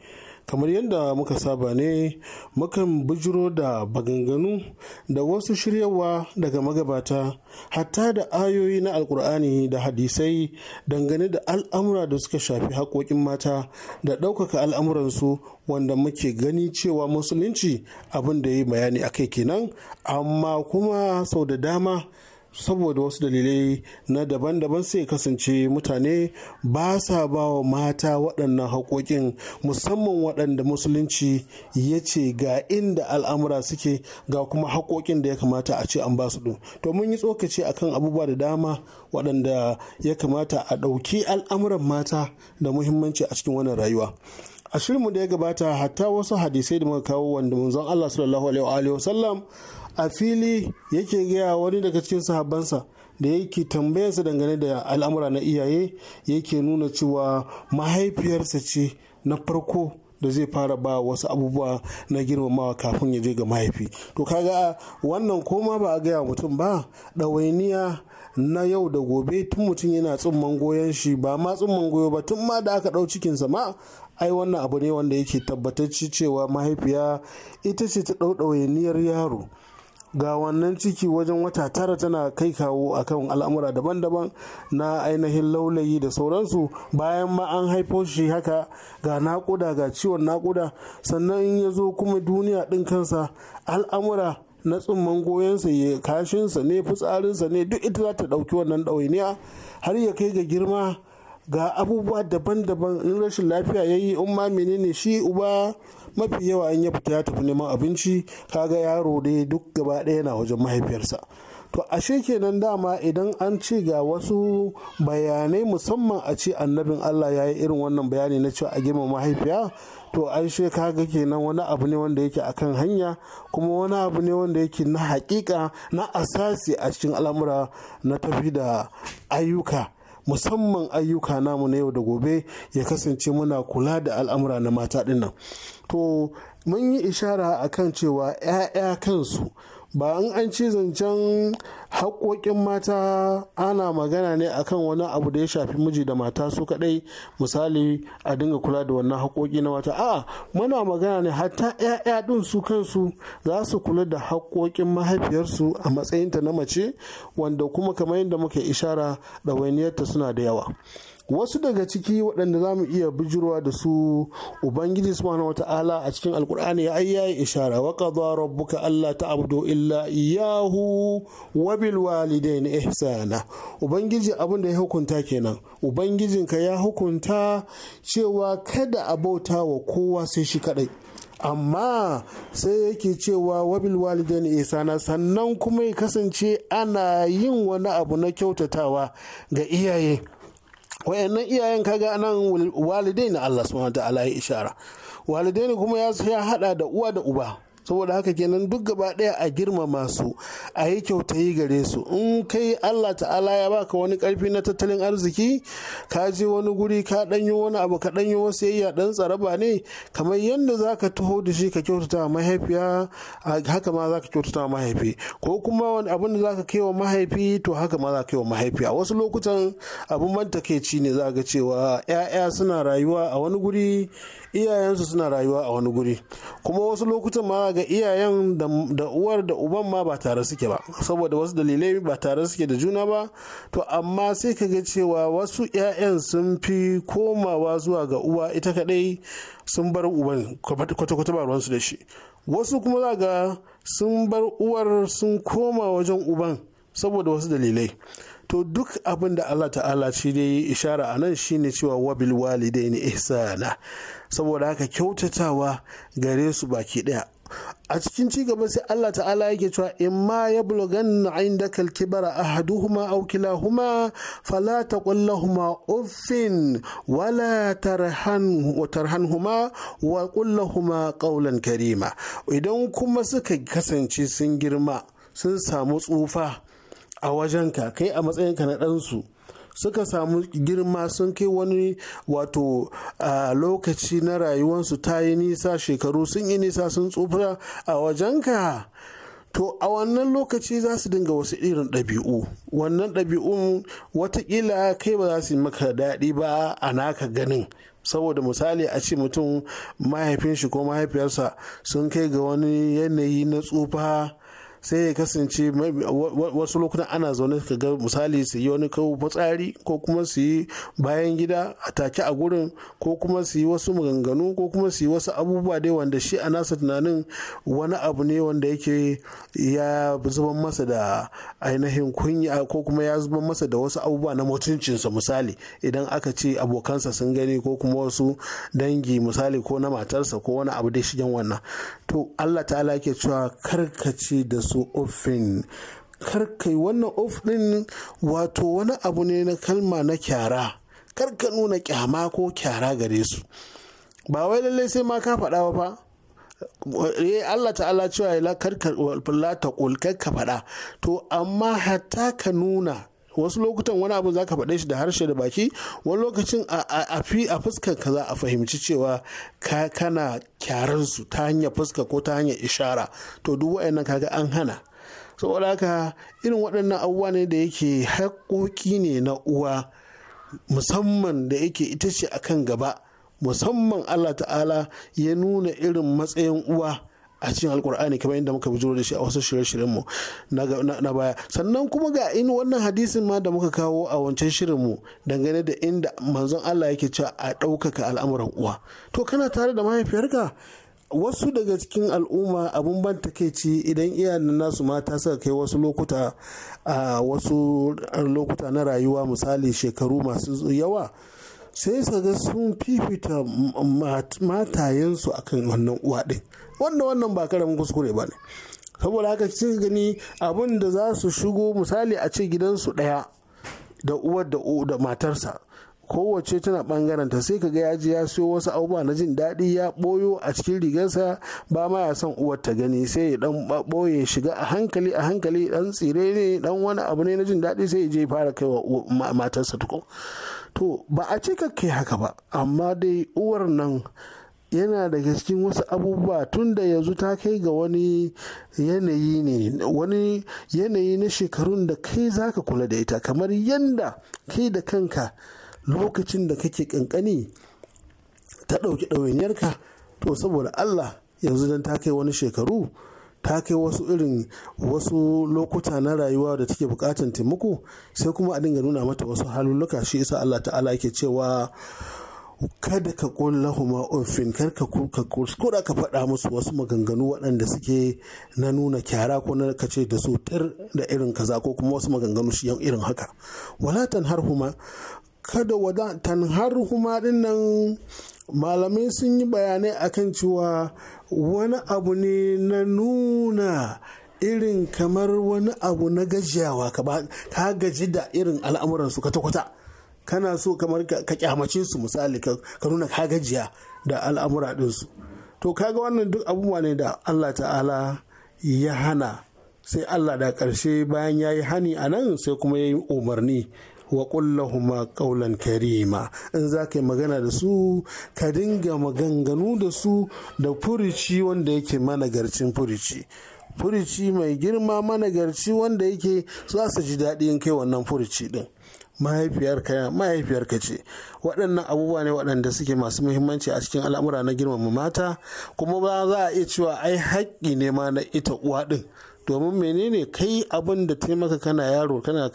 kamar yadda muka saba ne mukan bijiro da baganganu da wasu shiryawa daga magabata hatta da ayoyi na alkur'ani da hadisai dangane da al'amura da suka shafi haƙoƙin mata da ɗaukaka al'amuransu wanda muke gani cewa musulunci abin da ya yi bayani a kai kenan amma kuma sau da dama saboda wasu dalilai na daban-daban sai kasance mutane ba sa ba wa mata waɗannan haƙoƙin musamman waɗanda musulunci ya ce ga inda al'amura suke ga kuma haƙoƙin da ya kamata a ce an ba su ɗin to mun yi tsokaci kan abubuwa da dama waɗanda ya kamata a ɗauki al'amuran mata da muhimmanci a cikin wannan rayuwa a shirinmu da ya gabata hatta wasu hadisai da muka kawo wanda manzon Allah sallallahu alaihi wa sallam a fili yake gaya wani daga cikin sahabbansa da yake tambayarsa dangane da al'amura na iyaye yake nuna cewa mahaifiyarsa ce na farko da zai fara ba wasu abubuwa na girmamawa kafin ya je ga mahaifi to kaga wannan koma ba a gaya mutum ba ɗawainiya na yau da gobe tun mutum yana tsumman goyon shi ba ma tsumman goyo ba tun ma da aka ɗau cikin sama? ai wannan abu ne wanda yake tabbatacci cewa mahaifiya ita ce ta ɗau ɗawainiyar yaro ga wannan ciki wajen wata tara tana kai kawo akan al'amura daban-daban na ainihin laulayi da sauransu bayan ma an haifo shi haka ga naƙuda ga ciwon naƙuda sannan in ya zo kuma duniya ɗin kansa al'amura na tsumman goyonsa ya kashinsa ne fitsarinsa ne duk ita za ta ɗauki wannan ɗawainiya har ya kai ga girma ga abubuwa daban-daban in rashin lafiya ya yi in menene shi uba mafi yawa in ya fita ya tafi neman abinci kaga yaro dai duk gaba ɗaya na wajen mahaifiyarsa to ashe kenan dama idan an ce ga wasu bayanai musamman a ce annabin Allah ya yi irin wannan bayani na cewa a girma mahaifiya to ashe kaga kenan wani abu ne wanda yake akan hanya kuma wani abu ne wanda yake na hakika na asasi a cikin al'amura na tafi da ayyuka musamman ayyuka namu na yau da gobe ya kasance muna kula da al'amura na mata dinnan to mun yi ishara akan cewa 'ya'ya kansu ba an an ci zancen haƙoƙin mata ana magana ne akan wani abu da ya shafi miji da mata su kaɗai misali a dinga kula da wannan haƙoƙi na mata a muna magana ne hatta 'ya'ya ɗin su kansu za su kula da haƙoƙin mahaifiyarsu a matsayinta na mace wanda kuma kamar yadda muke ishara ɗawainiyarta suna da yawa wasu daga ciki waɗanda za mu iya bijirwa da su ubangiji subhanahu wata'ala a cikin alkur'ani ya ayya ishara wa qadha rabbuka alla ta'budu illa iyyahu wa bil walidayni ihsana ubangiji abin da ya hukunta kenan ubangijin ka ya hukunta cewa kada a bauta wa kowa sai shi kadai amma sai yake cewa wabil walidain isana sannan kuma ya kasance ana yin wani abu na kyautatawa ga iyaye wayannan iyayen kaga nan walidai na Allah subhanahu wa ta'ala ya ishara walidai kuma ya hada da uwa da uba saboda haka kenan duk gaba ɗaya a girmama su a yi kyautayi gare su in kai allah ta'ala ya baka wani karfi na tattalin arziki ka je wani guri ka ɗanyo wani abu ka danyo wasu yayya ɗan tsaraba ne kamar yadda za ka taho da shi ka kyautata wa mahaifiya haka ma za ka kyautata wa mahaifi ko kuma wani abin da za ka kai wa mahaifi to haka ma za ka kai wa mahaifiya wasu lokutan abin mantakeci ne za ga cewa 'ya'ya suna rayuwa a wani guri iyayensu suna rayuwa a wani guri kuma wasu lokutan ma ga iyayen da uwar da uban ma ba tare suke ba saboda wasu dalilai ba tare suke da juna ba to amma sai ka ga cewa wasu 'ya'yan sun fi komawa zuwa ga uwa ita kadai sun bar uban kwata-kwata ba ruwansu da shi wasu kuma za ga sun bar uwar sun koma wajen uban saboda wasu dalilai to duk abin da Allah ta'ala shi dai ishara a nan shine cewa wabil walidaini ihsana saboda haka kyautatawa gare su baki daya a cikin ci gaba sai Allah ta'ala yake cewa in ma ya bulogan indaka al-kibara a aw huma fala kwallo huma ofin wala tarhan wa wa kwallo huma kaulan karima idan kuma suka kasance sun girma sun samu tsufa a wajenka kai a matsayinka na ɗansu suka samu girma sun kai wani wato a lokaci na rayuwansu ta yi nisa shekaru sun yi nisa sun tsufa a wajenka to a wannan lokaci za su dinga wasu irin ɗabi'u wannan ɗabi'un watakila kai ba za su yi maka daɗi ba a naka ganin saboda misali a ce mutum mahaifinshi ko mahaifiyarsa sun kai ga wani yanayi na tsufa sai ya kasance wasu lokutan ana zaune ka ga misali su yi wani kawo fitsari ko kuma su yi bayan gida a take a gurin ko kuma su yi wasu maganganu ko kuma su yi wasu abubuwa dai wanda shi a nasa tunanin wani abu ne wanda yake ya zuban masa da ainihin kunya ko kuma ya zuban masa da wasu abubuwa na mutuncinsa misali idan aka ce abokansa sun gani ko kuma wasu dangi misali ko na matarsa ko wani abu dai shigen wannan to Allah ta'ala yake cewa karkace da su su uffin karkai wannan uffin wato wani abu ne na kalma na kyara karka nuna kyama ko kyara gare su ba wai lallai sai ma ka faɗa ba fa eh Allah ta'ala cewa la karka la ta ka faɗa to amma hatta ka nuna wasu lokutan wani abu zaka faɗe shi da harshe da baki wani lokacin a fi a fuskar ka za a fahimci cewa ka kana kyaran su ta hanyar fuska ko ta hanyar ishara to duk waɗannan kaga an hana saboda haka irin waɗannan abubuwa ne da yake haƙoƙi ne na uwa musamman da yake ita ce akan gaba musamman Allah ta'ala ya nuna irin matsayin uwa a cikin alkur'ani kamar inda muka bijiro da shi a wasu shirye-shiryenmu na baya sannan kuma ga in wannan hadisin ma da muka kawo a wancan shirinmu dangane da inda manzon Allah yake cewa a ɗaukaka al'amuran uwa to kana tare da mahaifiyarka wasu daga cikin al'umma abun ban takeici idan iyayen nasu mata saka kai wasu lokuta a wasu lokuta na rayuwa misali shekaru masu yawa sai su ga sun fifita matayensu a kan wannan uwa ɗin wannan wannan ba karamin kuskure ba ne saboda haka cikin gani abin da za su shigo misali a ce gidansu ɗaya da uwar da matarsa kowace tana bangaranta sai ka ga ya ji ya siyo wasu abubuwa na jin daɗi ya ɓoyo a cikin rigarsa ba ma ya son uwar ta gani sai ya dan ɓoye shiga a hankali a hankali dan tsire ne dan wani abu ne na jin daɗi sai ya je fara kaiwa matarsa tukun to ba a ce kai haka ba amma dai uwar nan yana daga cikin wasu abubuwa tun da yanzu ta kai ga wani yanayi ne wani yanayi na shekarun da kai zaka kula da ita kamar yanda kai da kanka lokacin da kake kankani ta ɗauki ɗawainiyarka to saboda allah yanzu don ta kai wani shekaru ta kai wasu irin wasu lokuta na rayuwa da take bukatan taimako sai kuma a dinga nuna mata wasu halulluka shi isa Allah ta'ala yake cewa kada ka lahuma ofin kar ka kuskura ka faɗa musu wasu maganganu waɗanda suke na nuna kyara ko na kace da su tir da irin kaza ko kuma wasu maganganu shi irin haka walatan har kada wadan tan har huma dinnan malamai sun yi bayanai akan cewa wani abu ne na nuna irin kamar wani abu na gajiyawa ka gaji da irin al'amuransu kwata-kwata kana so kamar ka kyamace su misali ka nuna ka gajiya da al'amura ɗinsu to kaga wannan duk abubuwa ne da allah ta'ala ya hana sai allah da ƙarshe bayan ya yi hani a nan sai kuma ya yi umarni wa kullahuma kaulan karima in za ka yi magana da su ka dinga maganganu da su da furici wanda yake managarcin furici furici mai girma managarci wanda yake za su ji daɗi in kai wannan furici din mahaifiyarka ce waɗannan abubuwa ne waɗanda suke masu muhimmanci a cikin al'amura na girmama mata kuma ba za a iya cewa ai haƙƙi ne ma na ita uwa ɗin domin menene kai abin da ta maka kana yaro kana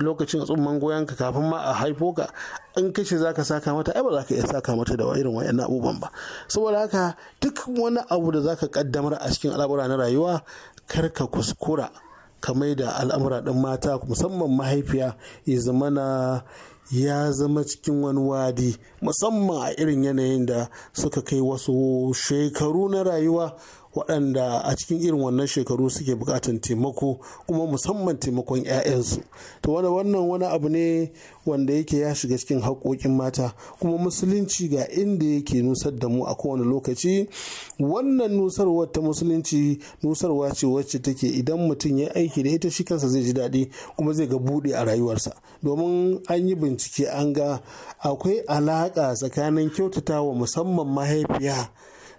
lokacin tsumman ka kafin ma a haifo ka in kashe za ka saka mata ai ba za ka iya saka mata da irin wayannan abubuwan ba saboda haka duk wani abu da za ka kaddamar a cikin al'amura na rayuwa kar ka kuskura ka mai da al'amura din mata musamman mahaifiya ya na ya zama cikin wani wadi musamman a irin yanayin da suka kai wasu shekaru na rayuwa waɗanda a cikin irin wannan shekaru suke buƙatar taimako kuma musamman taimakon 'ya'yansu ta wani wannan wani abu ne wanda yake ya shiga cikin haƙoƙin mata kuma musulunci ga inda yake nusar da mu a kowane lokaci wannan nusarwar ta musulunci nusarwa ce wacce take idan mutum ya aiki da ita shi kansa zai ji daɗi kuma zai ga buɗe a rayuwarsa domin an yi bincike an ga akwai alaƙa tsakanin kyautatawa musamman mahaifiya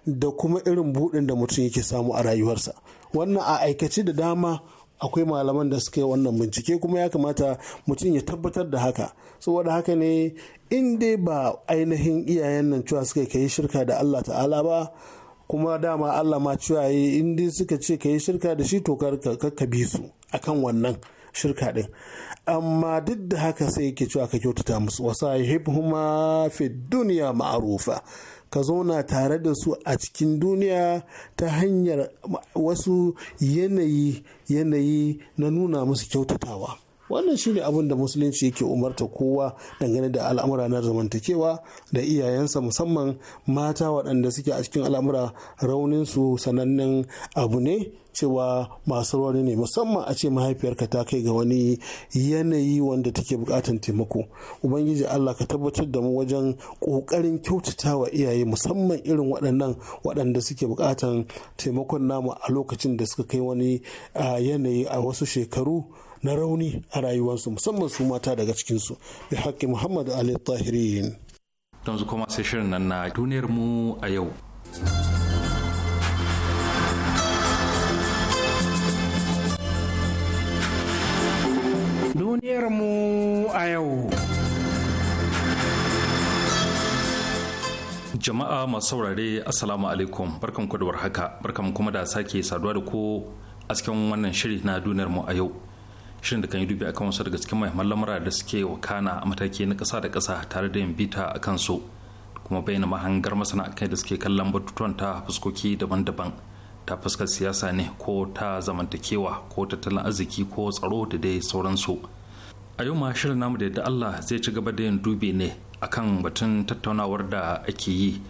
da kuma irin buɗin da mutum yake samu a rayuwarsa wannan a aikace da dama akwai malaman da suka yi wannan bincike kuma ya kamata mutum ya tabbatar da haka saboda haka ne in dai ba ainihin iyayen nan cewa suka kai shirka da Allah ta'ala ba kuma dama Allah ma cewa in dai suka ce ka yi shirka da shi to ka bi su akan wannan shirka din amma duk da haka sai yake cewa ka kyautata musu wasa yahibhuma fi duniya ma'arufa ka zauna tare da su a cikin duniya ta hanyar wasu yanayi yanayi na nuna musu kyautatawa wannan shine abin da musulunci yake umarta kowa dangane da al'amura na zamantakewa da iyayensa musamman mata waɗanda suke a cikin al'amura raunin su sanannen abu ne cewa masu rauni ne musamman a ce mahaifiyarka ta kai ga wani yanayi wanda take bukatan taimako ubangiji allah ka tabbatar da mu wajen kokarin kyautata wa iyaye musamman irin waɗannan waɗanda suke bukatan taimakon namu a lokacin da suka kai wani yanayi a wasu shekaru na rauni a rayuwarsu musamman su mata daga cikinsu bi haƙƙi muhammad ali tahirin yanzu kuma sai shirin nan na duniyar mu a yau duniyar mu a yau jama'a masu saurare assalamu alaikum barkan ku da warhaka barkan kuma da sake saduwa da ku a cikin wannan shiri na duniyar mu a yau shirin da kan yi dubi kan wasu daga cikin mahimman lamura da suke wakana a mataki na kasa da kasa tare da yin bita a kansu kuma bayyana mahangar masana kai da suke kallon batutuwan ta fuskoki daban-daban ta fuskar siyasa ne ko ta zamantakewa ko tattalin arziki ko tsaro da dai sauransu a yau ma shirin namu da yadda Allah zai ci gaba da yin dubi ne akan batun tattaunawar da ake yi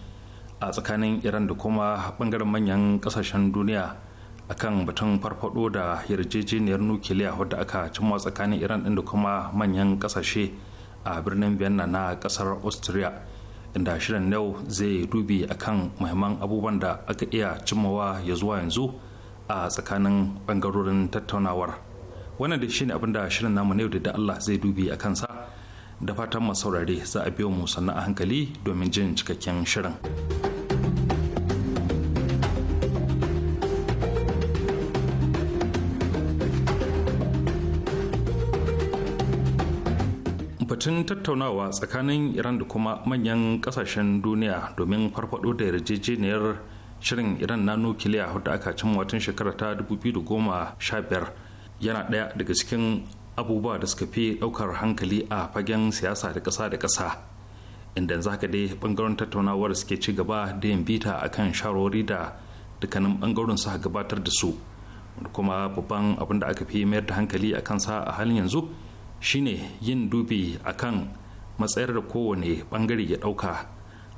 a tsakanin Iran da kuma bangaren manyan kasashen duniya akan batun farfado da yarjejeniyar nukiliya wadda aka cimma tsakanin iran din da kuma manyan kasashe a birnin vienna na kasar austria inda shirin yau zai dubi akan muhimman abubuwan da aka iya cimmawa ya zuwa yanzu a tsakanin bangarorin tattaunawar wannan da shine abin da shirin namu na yau da allah zai dubi a kansa da fatan masaurari za a biyo mu sannan a hankali domin jin cikakken shirin. batun tattaunawa tsakanin iran da kuma manyan kasashen duniya domin farfado da yarjejeniyar shirin iran na nukiliya wadda aka cin watan shekara ta 2015 yana ɗaya daga cikin abubuwa da suka fi ɗaukar hankali a fagen siyasa da ƙasa da kasa inda za ka dai ɓangaren tattaunawar suke ci gaba da yin bita akan sharori da dukkanin bangaren su gabatar da su kuma babban abin da aka fi mayar da hankali a kansa a halin yanzu shine yin dubi akan matsayar da kowane bangare ya dauka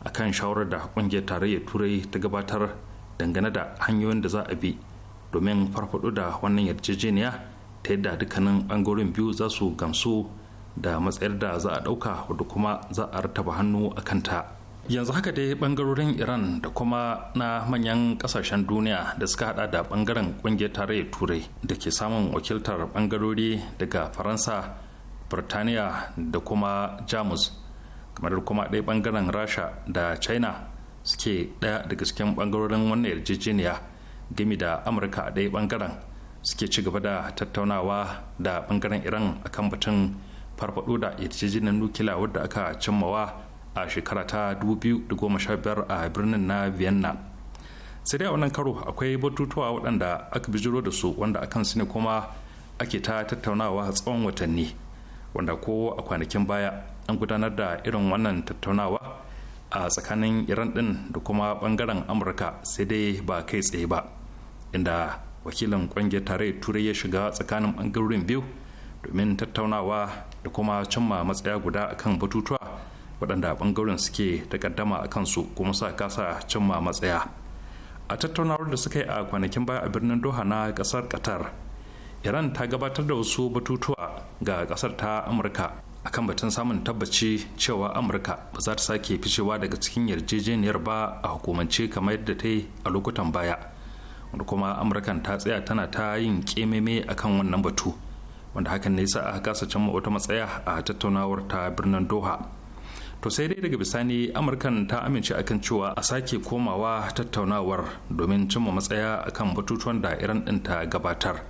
akan shawarar da kungiyar tarayyar turai ta gabatar dangane da hanyoyin da za a bi domin farfado da wannan yarjejeniya ta yadda dukkanin bangarorin biyu za su gamsu da matsayar da za a dauka wadda kuma za a rataba hannu a kanta. yanzu haka dai bangarorin iran da kuma na manyan kasashen duniya da suka hada da bangaren kungiyar tarayyar turai da ke samun wakiltar bangarori daga faransa burtaniya da kuma jamus kamar kuma ɗaya ɓangaren rasha da china suke ɗaya daga cikin ɓangarorin wannan yarjejeniya gami da amurka a ɗaya ɓangaren suke ci gaba da tattaunawa da ɓangaren iran akan batun farfaɗo da yarjejeniyar nukila wadda aka cimmawa a shekara ta 2015 a birnin na vienna sai dai a wannan karo akwai batutuwa waɗanda aka bijiro da su wanda akan su ne kuma ake ta tattaunawa tsawon watanni wanda ko a kwanakin baya an gudanar da irin wannan tattaunawa a tsakanin iran din da kuma bangaren amurka sai dai ba kai tsaye ba inda wakilin kungiyar tare turai ya shiga tsakanin bangarorin biyu domin tattaunawa da kuma cimma matsaya guda a kan batutuwa waɗanda bangaren suke takaddama a kansu kuma sa kasa cimma matsaya a tattaunawar da suka yi a kwanakin baya a birnin doha na ƙasar qatar iran ta gabatar da wasu batutuwa ga kasar ta amurka akan batun samun tabbaci cewa amurka ba za ta sake ficewa daga cikin yarjejeniyar ba a hukumance kamar yadda ta yi a lokutan baya wanda kuma amurkan ta tsaya tana ta yin kememe akan wannan batu wanda hakan ne sa a kasa cimma wata matsaya a tattaunawar ta birnin doha to sai dai daga bisani amurkan ta amince akan cewa a sake komawa tattaunawar domin cimma matsaya akan batutuwan da iran ɗin ta gabatar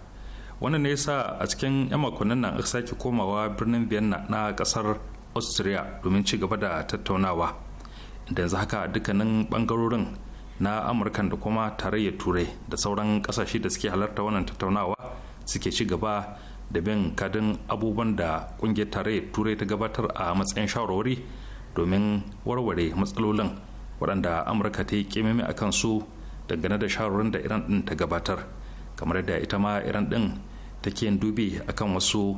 wannan ne yasa a cikin 'yan makonnin nan aka sake komawa birnin vienna na kasar austria domin ci gaba da tattaunawa inda yanzu haka dukkanin bangarorin na amurkan da kuma tarayyar turai da sauran kasashe da suke halarta wannan tattaunawa suke ci gaba da bin kadin abubuwan da kungiyar tarayyar turai ta gabatar a matsayin shawarwari domin warware matsalolin waɗanda amurka ta yi kimimi a kansu dangane da shawarwarin da iran ɗin ta gabatar kamar da ita ma iran ɗin ta ke yin dubi akan wasu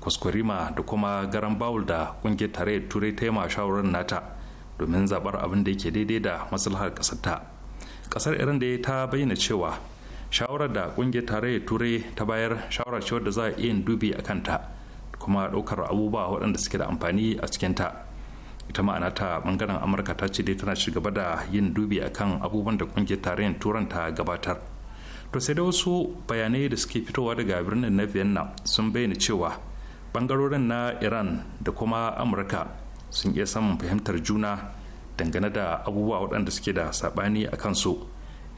kwaskwarima da kuma garan bawul da kungiyar tarayyar turai ta yi ma nata domin zabar abin da yake daidai da maslahar kasar ta kasar iran da ta bayyana cewa shawarar da kungiyar tarayyar turai ta bayar shawara ce da za a iya dubi a kanta kuma daukar abubuwa waɗanda suke da amfani a cikin ta ita ma'ana ta bangaren amurka ta ce dai tana ci gaba da yin dubi akan abubuwan da kungiyar tarayyar turan ta gabatar to sai da wasu bayanai da suke fitowa daga birnin na vienna sun bayyana cewa bangarorin na iran da kuma amurka sun iya samun fahimtar juna dangane da abubuwa waɗanda suke da saɓani a kansu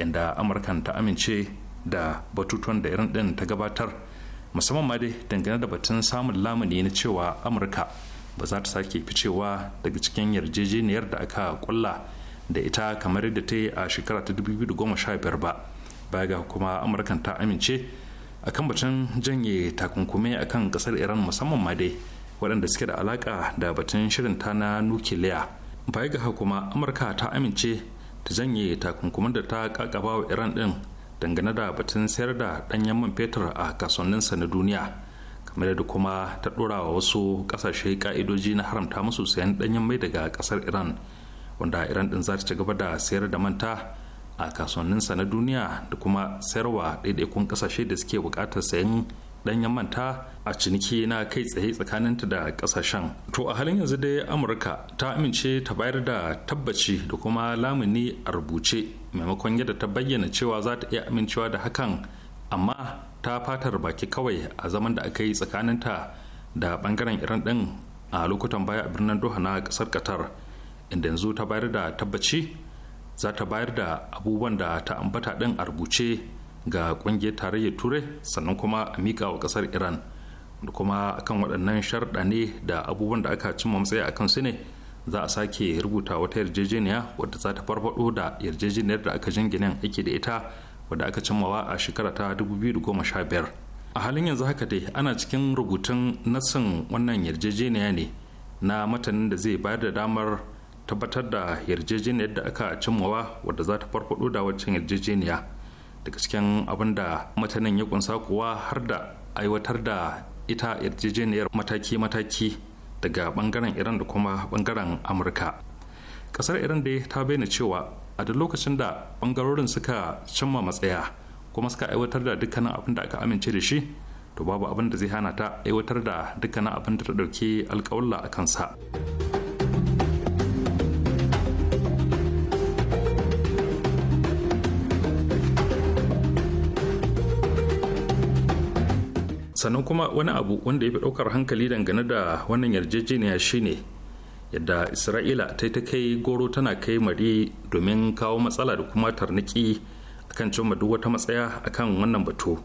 inda amurkan ta amince da batutuwan da iran ɗin ta gabatar musamman ma dai dangane da batun samun lamuni na cewa amurka ba za ta sake ficewa daga cikin yarjejeniyar da aka kulla da ita kamar yadda ta yi a shekara ta 2015 ba baya ga kuma amurkan ta amince a kan batun janye takunkumai a kan kasar iran musamman ma dai waɗanda suke da alaƙa da batun shirin ta na nukiliya baya ga kuma amurka ta amince ta janye takunkuman da ta kakaba wa iran ɗin dangane da batun sayar da ɗanyen man fetur a kasuwannin sa na duniya kamar da kuma ta ɗora wa wasu ƙasashe ƙa'idoji na haramta musu sayan ɗanyen mai daga ƙasar iran wanda iran ɗin za ta ci gaba da sayar da manta a kasuwanninsa na duniya da kuma sayarwa ɗaiɗaikun ƙasashe da suke buƙatar sayan ɗanyen manta a ciniki na kai tsaye tsakaninta da ƙasashen. To a halin yanzu dai Amurka ta amince ta bayar da tabbaci da kuma lamuni a rubuce maimakon yadda ta bayyana cewa za ta iya amincewa da hakan amma ta fatar baki kawai a zaman da aka yi tsakaninta da bangaren iran ɗin a lokutan baya a birnin doha na ƙasar qatar inda yanzu ta bayar da tabbaci za ta bayar da abubuwan da ta ambata din a rubuce ga ƙungiyar tarayyar turai sannan kuma a miƙa wa ƙasar iran da kuma akan waɗannan sharɗa ne da abubuwan da aka cimma matsayi a kansu ne za a sake rubuta wata yarjejeniya wadda za ta farfaɗo da yarjejeniyar da aka jinginin ake da ita wadda aka cimmawa a shekara ta biyar a halin yanzu haka dai ana cikin rubutun nasin wannan yarjejeniya ne na matanin da zai bayar da damar tabbatar da yarjejeniyar da aka cimmawa wadda za ta farfado da waccan yarjejeniya daga cikin abin da matanin ya kunsa kuwa har da aiwatar da ita yarjejeniyar mataki-mataki daga bangaren iran da kuma bangaren amurka kasar iran dai ta bayyana cewa a duk lokacin da bangarorin suka cimma matsaya kuma suka aiwatar da dukkanin abin da aka amince da shi to babu abin da zai hana ta aiwatar da dukkanin abin da ta ɗauki alkawalla a kansa. sannan kuma wani abu wanda ya fi ɗaukar hankali dangane da wannan yarjejeniya shine yadda isra'ila ta ta kai goro tana kai mari domin kawo matsala da kuma tarniki akan cimma duk wata matsaya akan wannan batu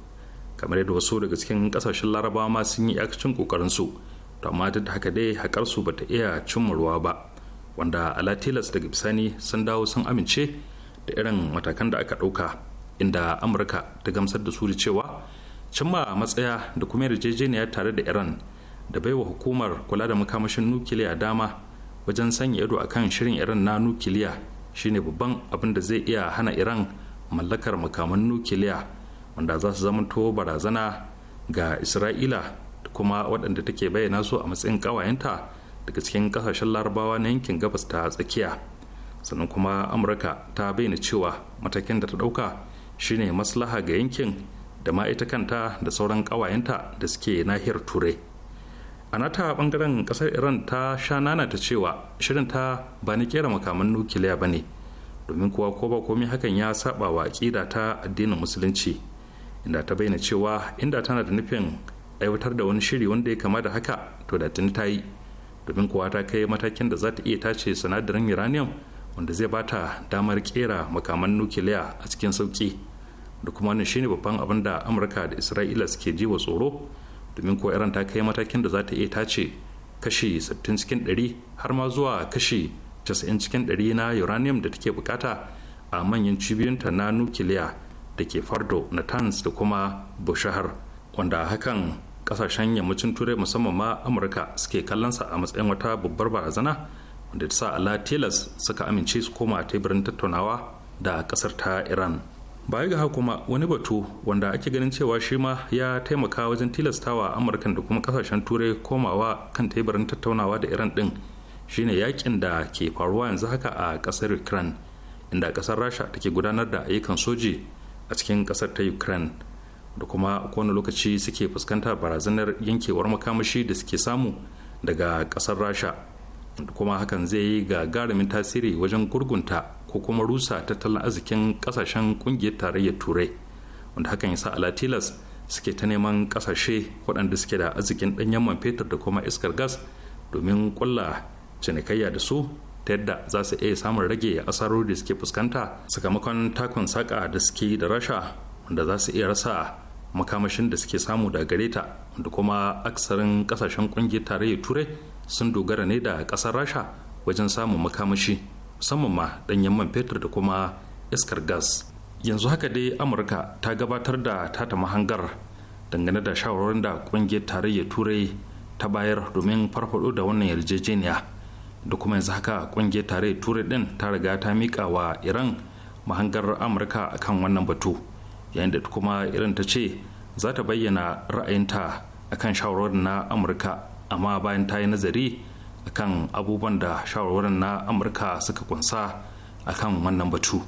kamar yadda wasu daga cikin kasashen larabawa ma sun yi yakacin kokarin su to amma duk da haka dai hakar su bata iya cimma ruwa ba wanda ala tilas daga bisani sun dawo sun amince da irin matakan da aka ɗauka inda amurka ta gamsar da su da cewa cimma matsaya da kuma yarjejeniya tare da iran da baiwa hukumar kula da makamashin nukiliya dama wajen sanya ido kan shirin iran na nukiliya shine babban abin da zai iya hana iran mallakar makaman nukiliya wanda za su zamanto barazana ga isra'ila da kuma waɗanda take bayyana su a matsayin ƙawayenta daga cikin ƙasashen larabawa na yankin gabas ta tsakiya sannan kuma amurka ta bayyana cewa matakin da ta ɗauka shine maslaha ga yankin da ma ita kanta da sauran ƙawayenta da suke nahiyar turai a nata bangaren kasar iran ta sha nana ta cewa shirin ta ba na kera makaman nukiliya ba ne domin kuwa ko ba komai hakan ya saba wa aƙida ta addinin musulunci inda ta bayyana cewa inda tana da nufin aiwatar da wani shiri wanda ya kama da haka to da tuni ta yi domin kuwa ta kai matakin da za ta iya tace sinadarin uranium wanda zai bata damar kera makaman nukiliya a cikin sauki da kuma wannan shine babban abin da amurka da isra'ila suke ji wa tsoro domin ko iran ta kai matakin da za ta iya tace kashi 60 cikin 100 har ma zuwa kashi 90 cikin 100 na uranium da take bukata a manyan cibiyunta na nukiliya da ke fardo natanz da kuma bushahar wanda hakan kasashen yammacin turai musamman ma amurka suke kallonsa a matsayin wata babbar barazana wanda ta sa ala tilas suka amince su koma teburin tattaunawa da kasar ta iran baya ga kuma wani batu wanda ake ganin cewa shi ma ya taimaka wajen tilastawa amurkan da kuma kasashen turai komawa kan teburin tattaunawa da iran din shine yakin da ke faruwa yanzu haka a kasar ukraine inda kasar rasha take gudanar da ayyukan soji a cikin kasar ta ukraine da kuma kowane lokaci suke fuskantar barazanar yankewar makamashi da suke samu daga kasar rasha da kuma hakan zai yi ga gagarumin tasiri wajen gurgunta ko kuma rusa tattalin arzikin kasashen kungiyar tarayyar turai wanda hakan yasa sa alatilas suke ta neman kasashe waɗanda suke da arzikin ɗanyen man fetur da kuma iskar gas domin ƙulla cinikayya da su ta yadda za su iya samun rage asarori da suke fuskanta sakamakon takon saƙa da suke da rasha wanda za su iya rasa makamashin da suke samu da gare ta wanda kuma aksarin kasashen kungiyar tarayyar turai sun dogara ne da ƙasar rasha wajen samun makamashi musamman ma ɗanyen man fetur da kuma iskar gas yanzu haka dai amurka ta gabatar da tata mahangar dangane da shawarwarin da ƙungiyar tarayyar turai ta bayar domin farfado da wannan yarjejeniya da kuma yanzu haka ƙungiyar tarayyar turai ɗin ta riga ta miƙa wa iran mahangar amurka akan wannan batu yayin da kuma irin ta ce za ta bayyana ra'ayinta akan shawarwarin na amurka amma bayan ta yi nazari akan abubuwan da shawarwarin na amurka suka kunsa akan wannan batu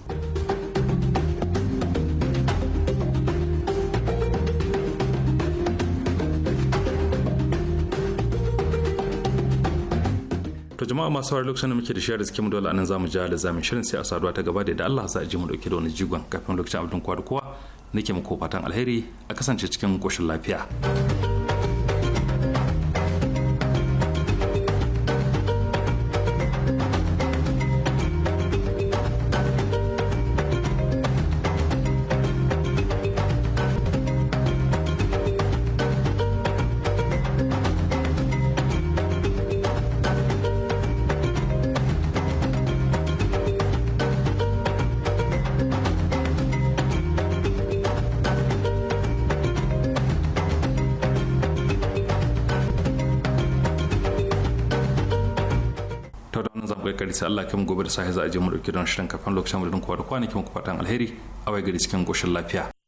to jama'a masu saurari lokacin da muke da shiyar da dole anan zamu ja da zamin shirin sai a saduwa ta gaba da yadda Allah za a ji mu dauke da wani jigon kafin lokacin abin kwa da kowa nake muku fatan alheri a kasance cikin koshin lafiya. Allah kan gobe da sake za a je mu dauki don shirin kafin lokacin mu da kuwa da kwanakin ku fatan alheri a wai gari cikin koshin lafiya